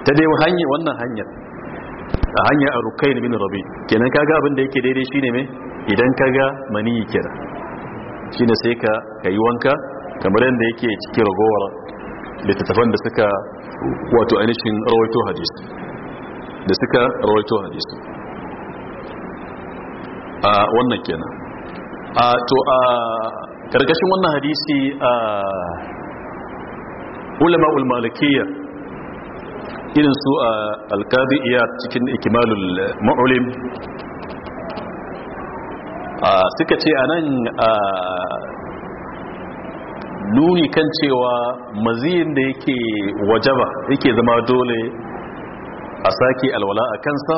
ta dai wannan hanyar a hanyar a rukai da bin rabi kenan kaga abin da yake daidai shine mai idan kaga maniyi kenan ne sai ka yi wanka kamar yadda yake cikin ragowar littattafan da suka wato ainihin rawaito hadisi da suka rawaito hadisi a wannan kenan a to a karkashin wannan hadisi a ulama ulmalikiya irin su a alkazi iya cikin ikimalul ma'ulim suka ce a nan nuni kan cewa maziyin da yake wajaba yake zama dole a sake alwala a kansa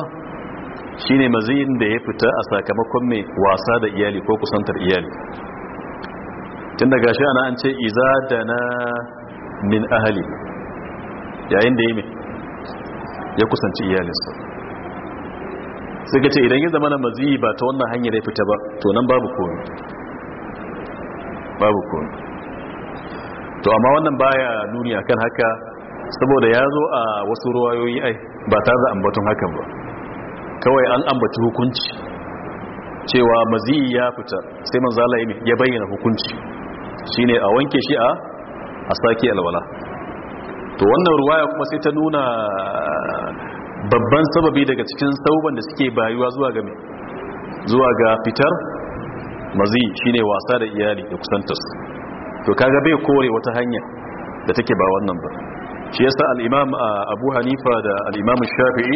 shine maziyin da ya fita a sakamakon mai wasa da iyali ko kusantar iyali tun daga shi ana an ce iza da na min ahali yayin da ya mai ya kusanci iyalinsa sai ka ce idan ya zama na maziyi ba ta wannan hanyar ya fita ba to nan babu komi babu komi to amma wannan baya nuni akan haka saboda ya zo a wasu ruwayoyi ai ba tare da ambaton hakan ba kawai an ambaci hukunci cewa maziyi ya fita sai manzo Allah ya bayyana hukunci shine a wanke shi a a saki alwala to wannan ruwaya kuma sai ta nuna babban sababi daga cikin sauban da suke bayuwa zuwa ga zuwa ga fitar mazi shine wasa da iyali da kusantarsu to kaga bai kore wata hanya da take ba wannan ba shi yasa al-imam uh, Abu Hanifa da al-imam Shafi'i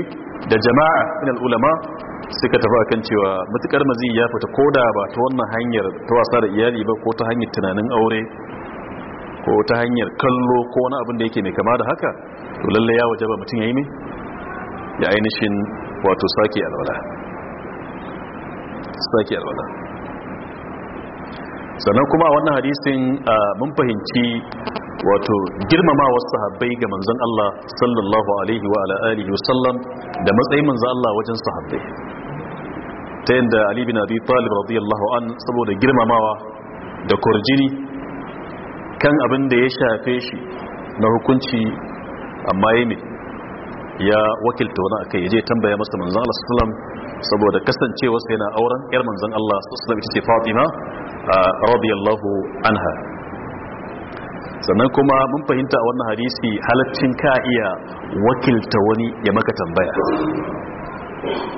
da jama'a min al-ulama suka tafi akan cewa mutukar mazi ya fita koda ba ta wannan hanyar ta wasa da iyali ba ko ta hanyar tunanin aure ko ta hanyar kallo ko wani abin da yake mai kama da haka to lalle ya wajaba mutum yayi ne ya ainihin wato saki alwala saki alwala sannan kuma a wannan hadisin mun fahimci wato girmamawa sahabbai ga manzon Allah sallallahu alaihi wa ala alihi sallam da matsayin manzon Allah wajen sahabbai ta yanda Ali bin Abi Talib radiyallahu an saboda girmamawa da kurjini kan abin da ya shafe shi na hukunci amma yayi ya wakilta wani akai ya je tambaya masa manzon Allah sallallahu alaihi sallam saboda kasancewa sai na auren yar manzon Allah sallallahu alaihi wasallam Fatima radiyallahu anha sannan kuma mun fahimta a wannan hadisi halaccin ka iya wakilta wani ya maka tambaya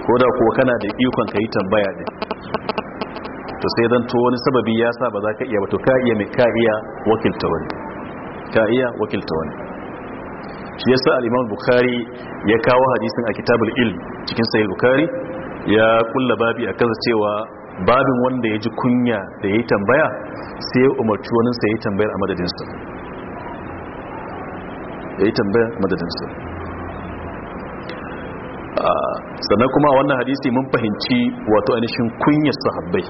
ko da kuwa kana da ikon ka yi tambaya ne to sai dan to wani sababi ya sa ba za ka iya ba to ka iya mai ka iya wakilta wani ka iya wakilta wani shi yasa al-Imam Bukhari ya kawo hadisin a Kitabul Ilm cikin Sahih Bukhari ya kulla babi a kasa cewa babin wanda ya ji kunya da ya yi tambaya sai ya umarci waninsa ya yi tambayar a madadinsa ya yi tambayar madadinsa sannan kuma a wannan hadisi mun fahimci wato ainihin kunyar sahabbai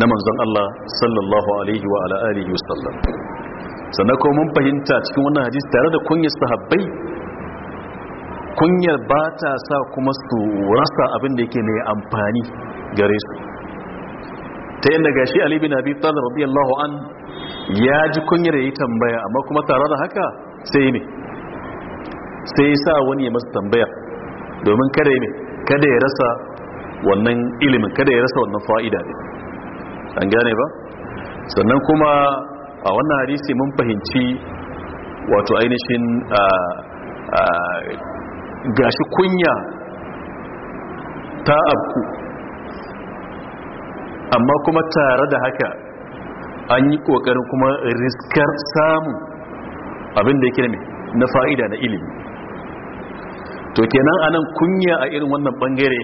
na manzon Allah sallallahu alaihi wa ala alihi wasallam sannan kuma mun fahimta cikin wannan hadisi tare da kunyar sahabbai kunyar ba ta sa kuma su rasa abin da yake mai amfani gare su ta yadda gashi ali bin abi talib radiyallahu an ya ji kunyar ya yi tambaya amma kuma tare da haka sai ne sai sa wani ya masa tambaya domin kada ne kada ya rasa wannan ilimin kada ya rasa wannan fa'ida ne an gane ba sannan kuma a wannan hadisi mun fahimci wato ainihin ah, ah, gashi kunya ta abku amma kuma tare da haka an yi kokarin kuma riskar samun abin da yake na fa'ida na ilimi to kenan anan kunya a irin wannan bangare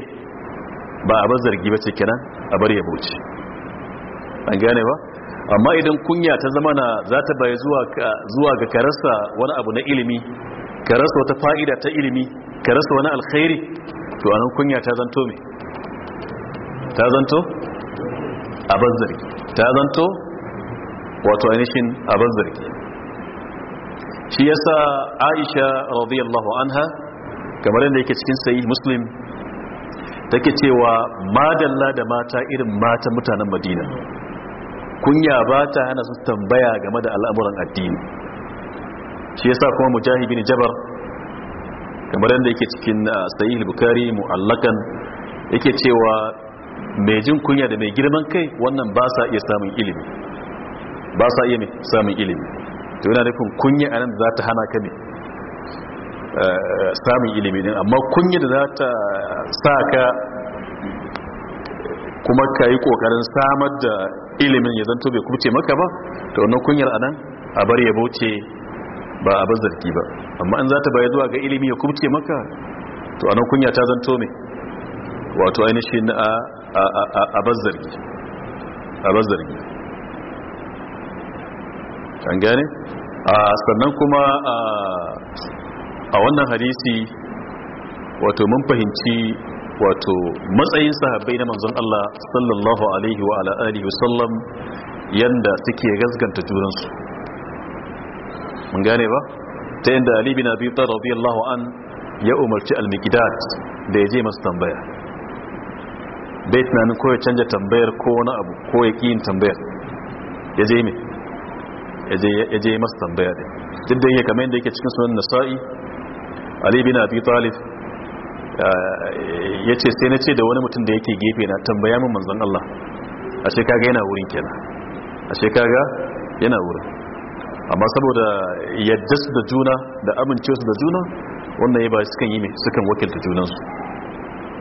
ba a bar zargi ba ce kenan a bar ya an gane ba amma idan kunya ta zama na za ta bai zuwa ga karasa wani abu na ilimi karasa wata fa'ida ta ilimi ka rasa wani alkhairi to anan kunya ta zanto me ta zanto abin zargi ta zanto wato ainihin abin zargi shi yasa aisha radiyallahu anha kamar yadda yake cikin sayi muslim take cewa madalla da mata irin mata mutanen madina kunya ba ta hana su tambaya game da al'amuran addini shi yasa kuma mujahid bin jabar kamar yadda yake cikin ah, sahih bukari mu'allakan yake cewa mai jin kunya da mai girman kai wannan ba sa iya samun ilimi ba sa iya samun ilimi to yana nufin kunya anan da za ta hana ka ne ah, samun ilimi din amma kunya da za ta sa ka kuma ka yi kokarin samar da ilimin ya zanto bai kubce maka ba to wannan kunyar anan a bar ya bauce ba a bazarki ba amma an za ta baya zuwa ga ilimi ya kubce maka to anan kunya ta zanto ne wato ainihin a a bazarki a bazarki an gane a sannan kuma a wannan hadisi wato mun fahimci wato matsayin sahabbai na manzon Allah sallallahu alaihi wa ala alihi wasallam yanda suke gasganta junansu mun gane ba ta inda ali bin abi talib radiyallahu an ya umarci al-miqdad da ya je masa tambaya bai nan ko ya canja tambayar ko wani abu ko ya kiyin tambayar ya je me ya je masa tambaya din duk da yake kamar yadda yake cikin sunan nasa'i ali bin abi talib ya ce sai na ce da wani mutum da yake gefe na tambaya min manzon Allah a shekaga yana wurin kenan a shekaga yana wurin amma saboda yadda su da juna da amince su da juna wannan ya ba su kan yi mai sukan wakilta junansu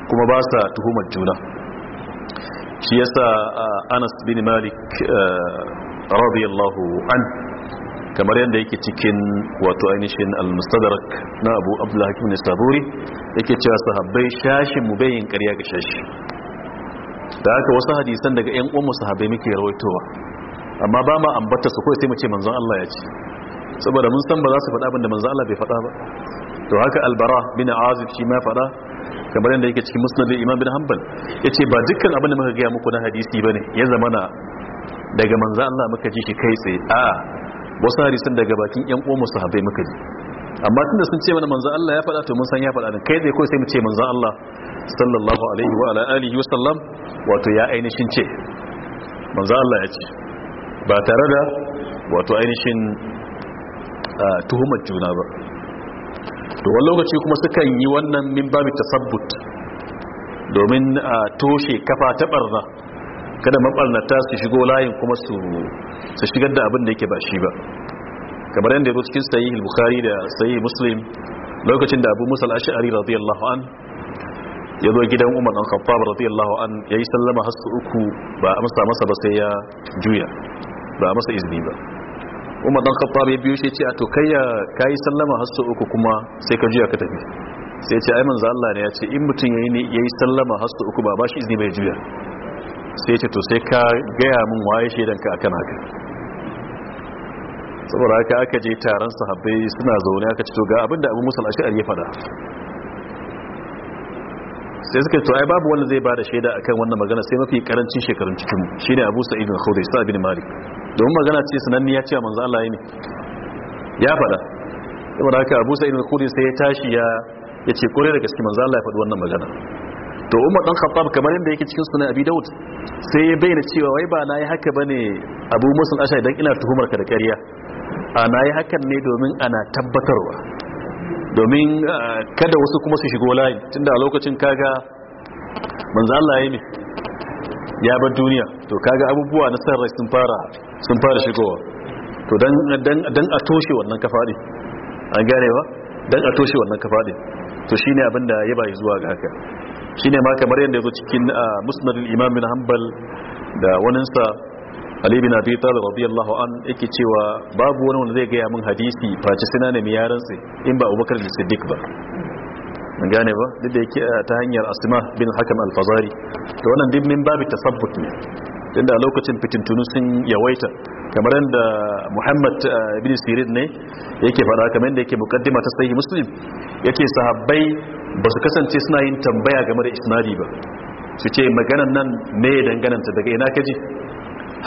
kuma ba sa tuhumar juna shi ya yasa ah, anas bin malik ah, radiyallahu an kamar yadda yake cikin wato ainihin al-mustadrak na abu abdullahi hakim ne saburi yake cewa sahabbai shashi mu bayin ƙarya ga shashi da haka wasu hadisan daga ƴan uwan sahabbai muke rawaitowa amma ba ma ambata su kawai sai mu ce manzon Allah ya ce saboda mun san ba za su faɗa abin da manzon Allah bai faɗa ba to haka albara bin azib shi ma faɗa kamar yadda yake cikin musnad imam bin hanbal yace ba dukkan abin da muka ga muku na hadisi bane ya zamana daga manzon Allah muka ji shi kai tsaye a wasu hadisin daga bakin yan uwan mu muka ji amma tunda sun ce mana manzon Allah ya faɗa to mun san ya faɗa kai tsaye kawai sai mu ce manzon Allah sallallahu alaihi wa ala alihi sallam wato ya ainihin ce manzon Allah ya ce ba tare da wato ainihin tuhumar juna ba to wani lokaci kuma sukan yi wannan min babu tasabbut domin a toshe kafa ta barna kada mabarnata su shigo layin kuma su shigar da abin da yake ba shi ba kamar yadda ya cikin sayi bukhari da sayi muslim lokacin da abu musal ash'ari radiyallahu an ya zo gidan umar dan khattab radiyallahu an yi sallama hasu uku ba amsa masa ba sai ya juya ba masa izini ba umar dan khattab ya biyo shi ce a to kai ya kai sallama har uku kuma sai ka juya ka tafi sai ce ai manzo Allah ne ya ce in mutun yayi ne yayi sallama har uku ba ba shi izini bai juya sai ce to sai ka gaya mun waye shedan ka akan haka saboda haka aka je taron sahabbai suna zaune aka ce to ga abinda Abu Musa al-Ash'ari ya faɗa sai suka to ai babu wanda zai bada shaida akan wannan magana sai mafi karancin shekarun cikin shine Abu Sa'id al-Khudri Sa'id bin Malik domin magana ce sananni ya ce a manzan Allah ne ya faɗa da haka Abu sai al-Khudri sai ya tashi ya ce kore da gaske manzan Allah ya faɗi wannan magana to Umar dan Khattab kamar yadda yake cikin sunan Abi daud sai ya bayyana cewa wai ba na yi haka bane Abu musul al idan dan ina tuhumar ka da ƙarya na yi hakan ne domin ana tabbatarwa domin ah, kada wasu kuma su shigo layi tunda a lokacin kaga manzan Allah ya ne ya bar duniya to kaga abubuwa na sarrai sun fara sun fara shigowa to dan dan dan a toshe wannan din an gane ba dan a toshe wannan din to shine abin ya bayi zuwa ga haka shine ma kamar yanda yazo cikin ah, musnad al-imam bin hanbal da wannan sa Ali bin Abi Talib radiyallahu an yake cewa babu wani wanda zai gaya min hadisi face sina ne mi yaran in ba Abubakar da Siddiq ba mun gane ba duk da yake eh, ta hanyar asma bin hakam al-fazari to wannan din min babu tasabbut ne tunda a lokacin fitintunu sun yawaita kamar yadda Muhammad eh, Ibn Sirin ne yake faɗa kamar yadda yake mukaddima ta sahih Muslim yake sahabbai ba su kasance suna yin tambaya game da isnadi ba su ce maganan nan me dangananta daga ina kaji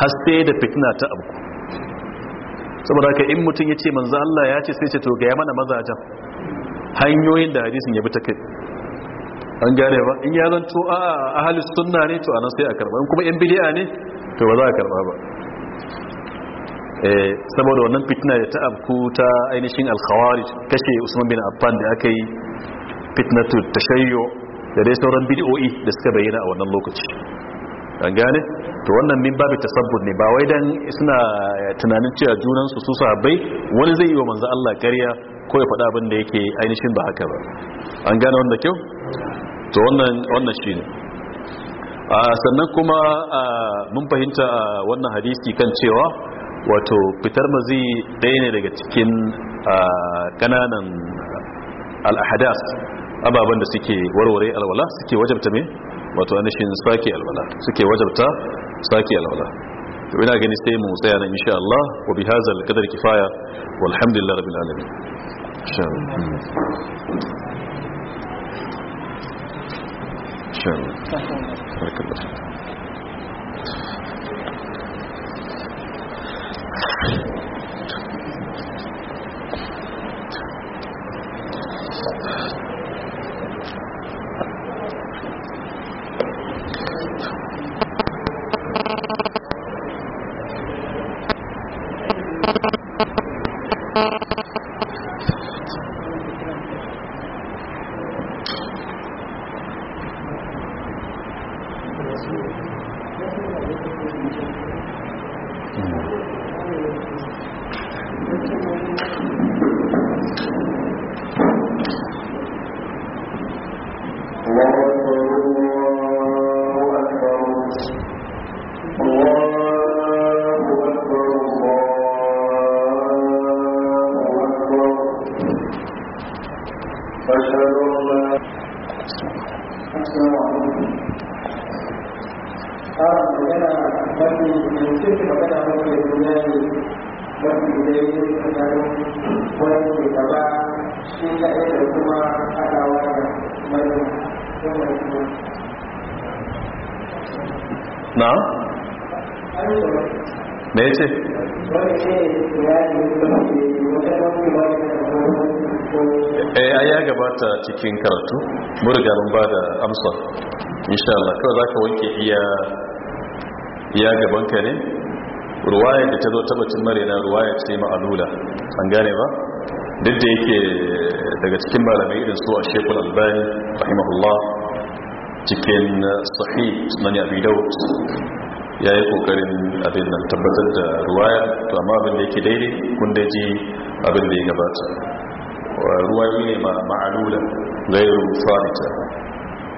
har sai da fitina ta abu saboda haka in mutum ya ce manzo Allah ya ce sai ce to ga ya mana mazajen hanyoyin da hadisin ya bi ta kai an gane ba in ya to a ahli sunna ne to anan sai a karba in kuma yan bid'a ne to ba za a karba ba eh saboda wannan fitina da ta abku ta ainihin al-khawarij kashe Usman bin Affan da aka yi fitnatu tashayyu da dai sauran bid'o'i da suka bayyana a wannan lokaci an gane to wannan min babu tasabbur ne ba wai dan suna eh, tunanin cewa junan su su sahabbai wani zai yi wa manzo Allah ƙarya ko ya faɗa abin da yake ainihin ba haka ba an gane wanda kyau to wannan shi ne sannan kuma mun fahimta a wannan hadisi kan cewa wato fitar mazi ɗaya ne daga cikin ƙananan al'adas ababen da suke warware alwala suke wajabta me wato anishin sake alwala suke wajabta sake alwala ina gani sai mu tsaya na insha Allah wa bihazal qadar kifaya walhamdulillahi rabbil alamin Sure. Mm. Sure. Barakallah. cikin karatu murga mun ba da amsa insha Allah kawai za ka wanke iya iya ka ne ruwaya da ta zo ta bacin marina ruwaya ce ma'alula an gane ba duk da yake daga cikin malamai irin su a shekul albani rahimahullah cikin sahih na ne abidau ya yi kokarin abin nan tabbatar da ruwaya to amma abin da yake daidai kun da ji abin da ya gabata ruwayoyi ne ma'alula غير مفارقة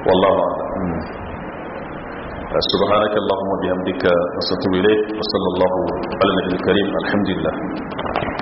والله أعلم سبحانك اللهم وبحمدك أستغفرك وصلى الله على النبي الكريم الحمد لله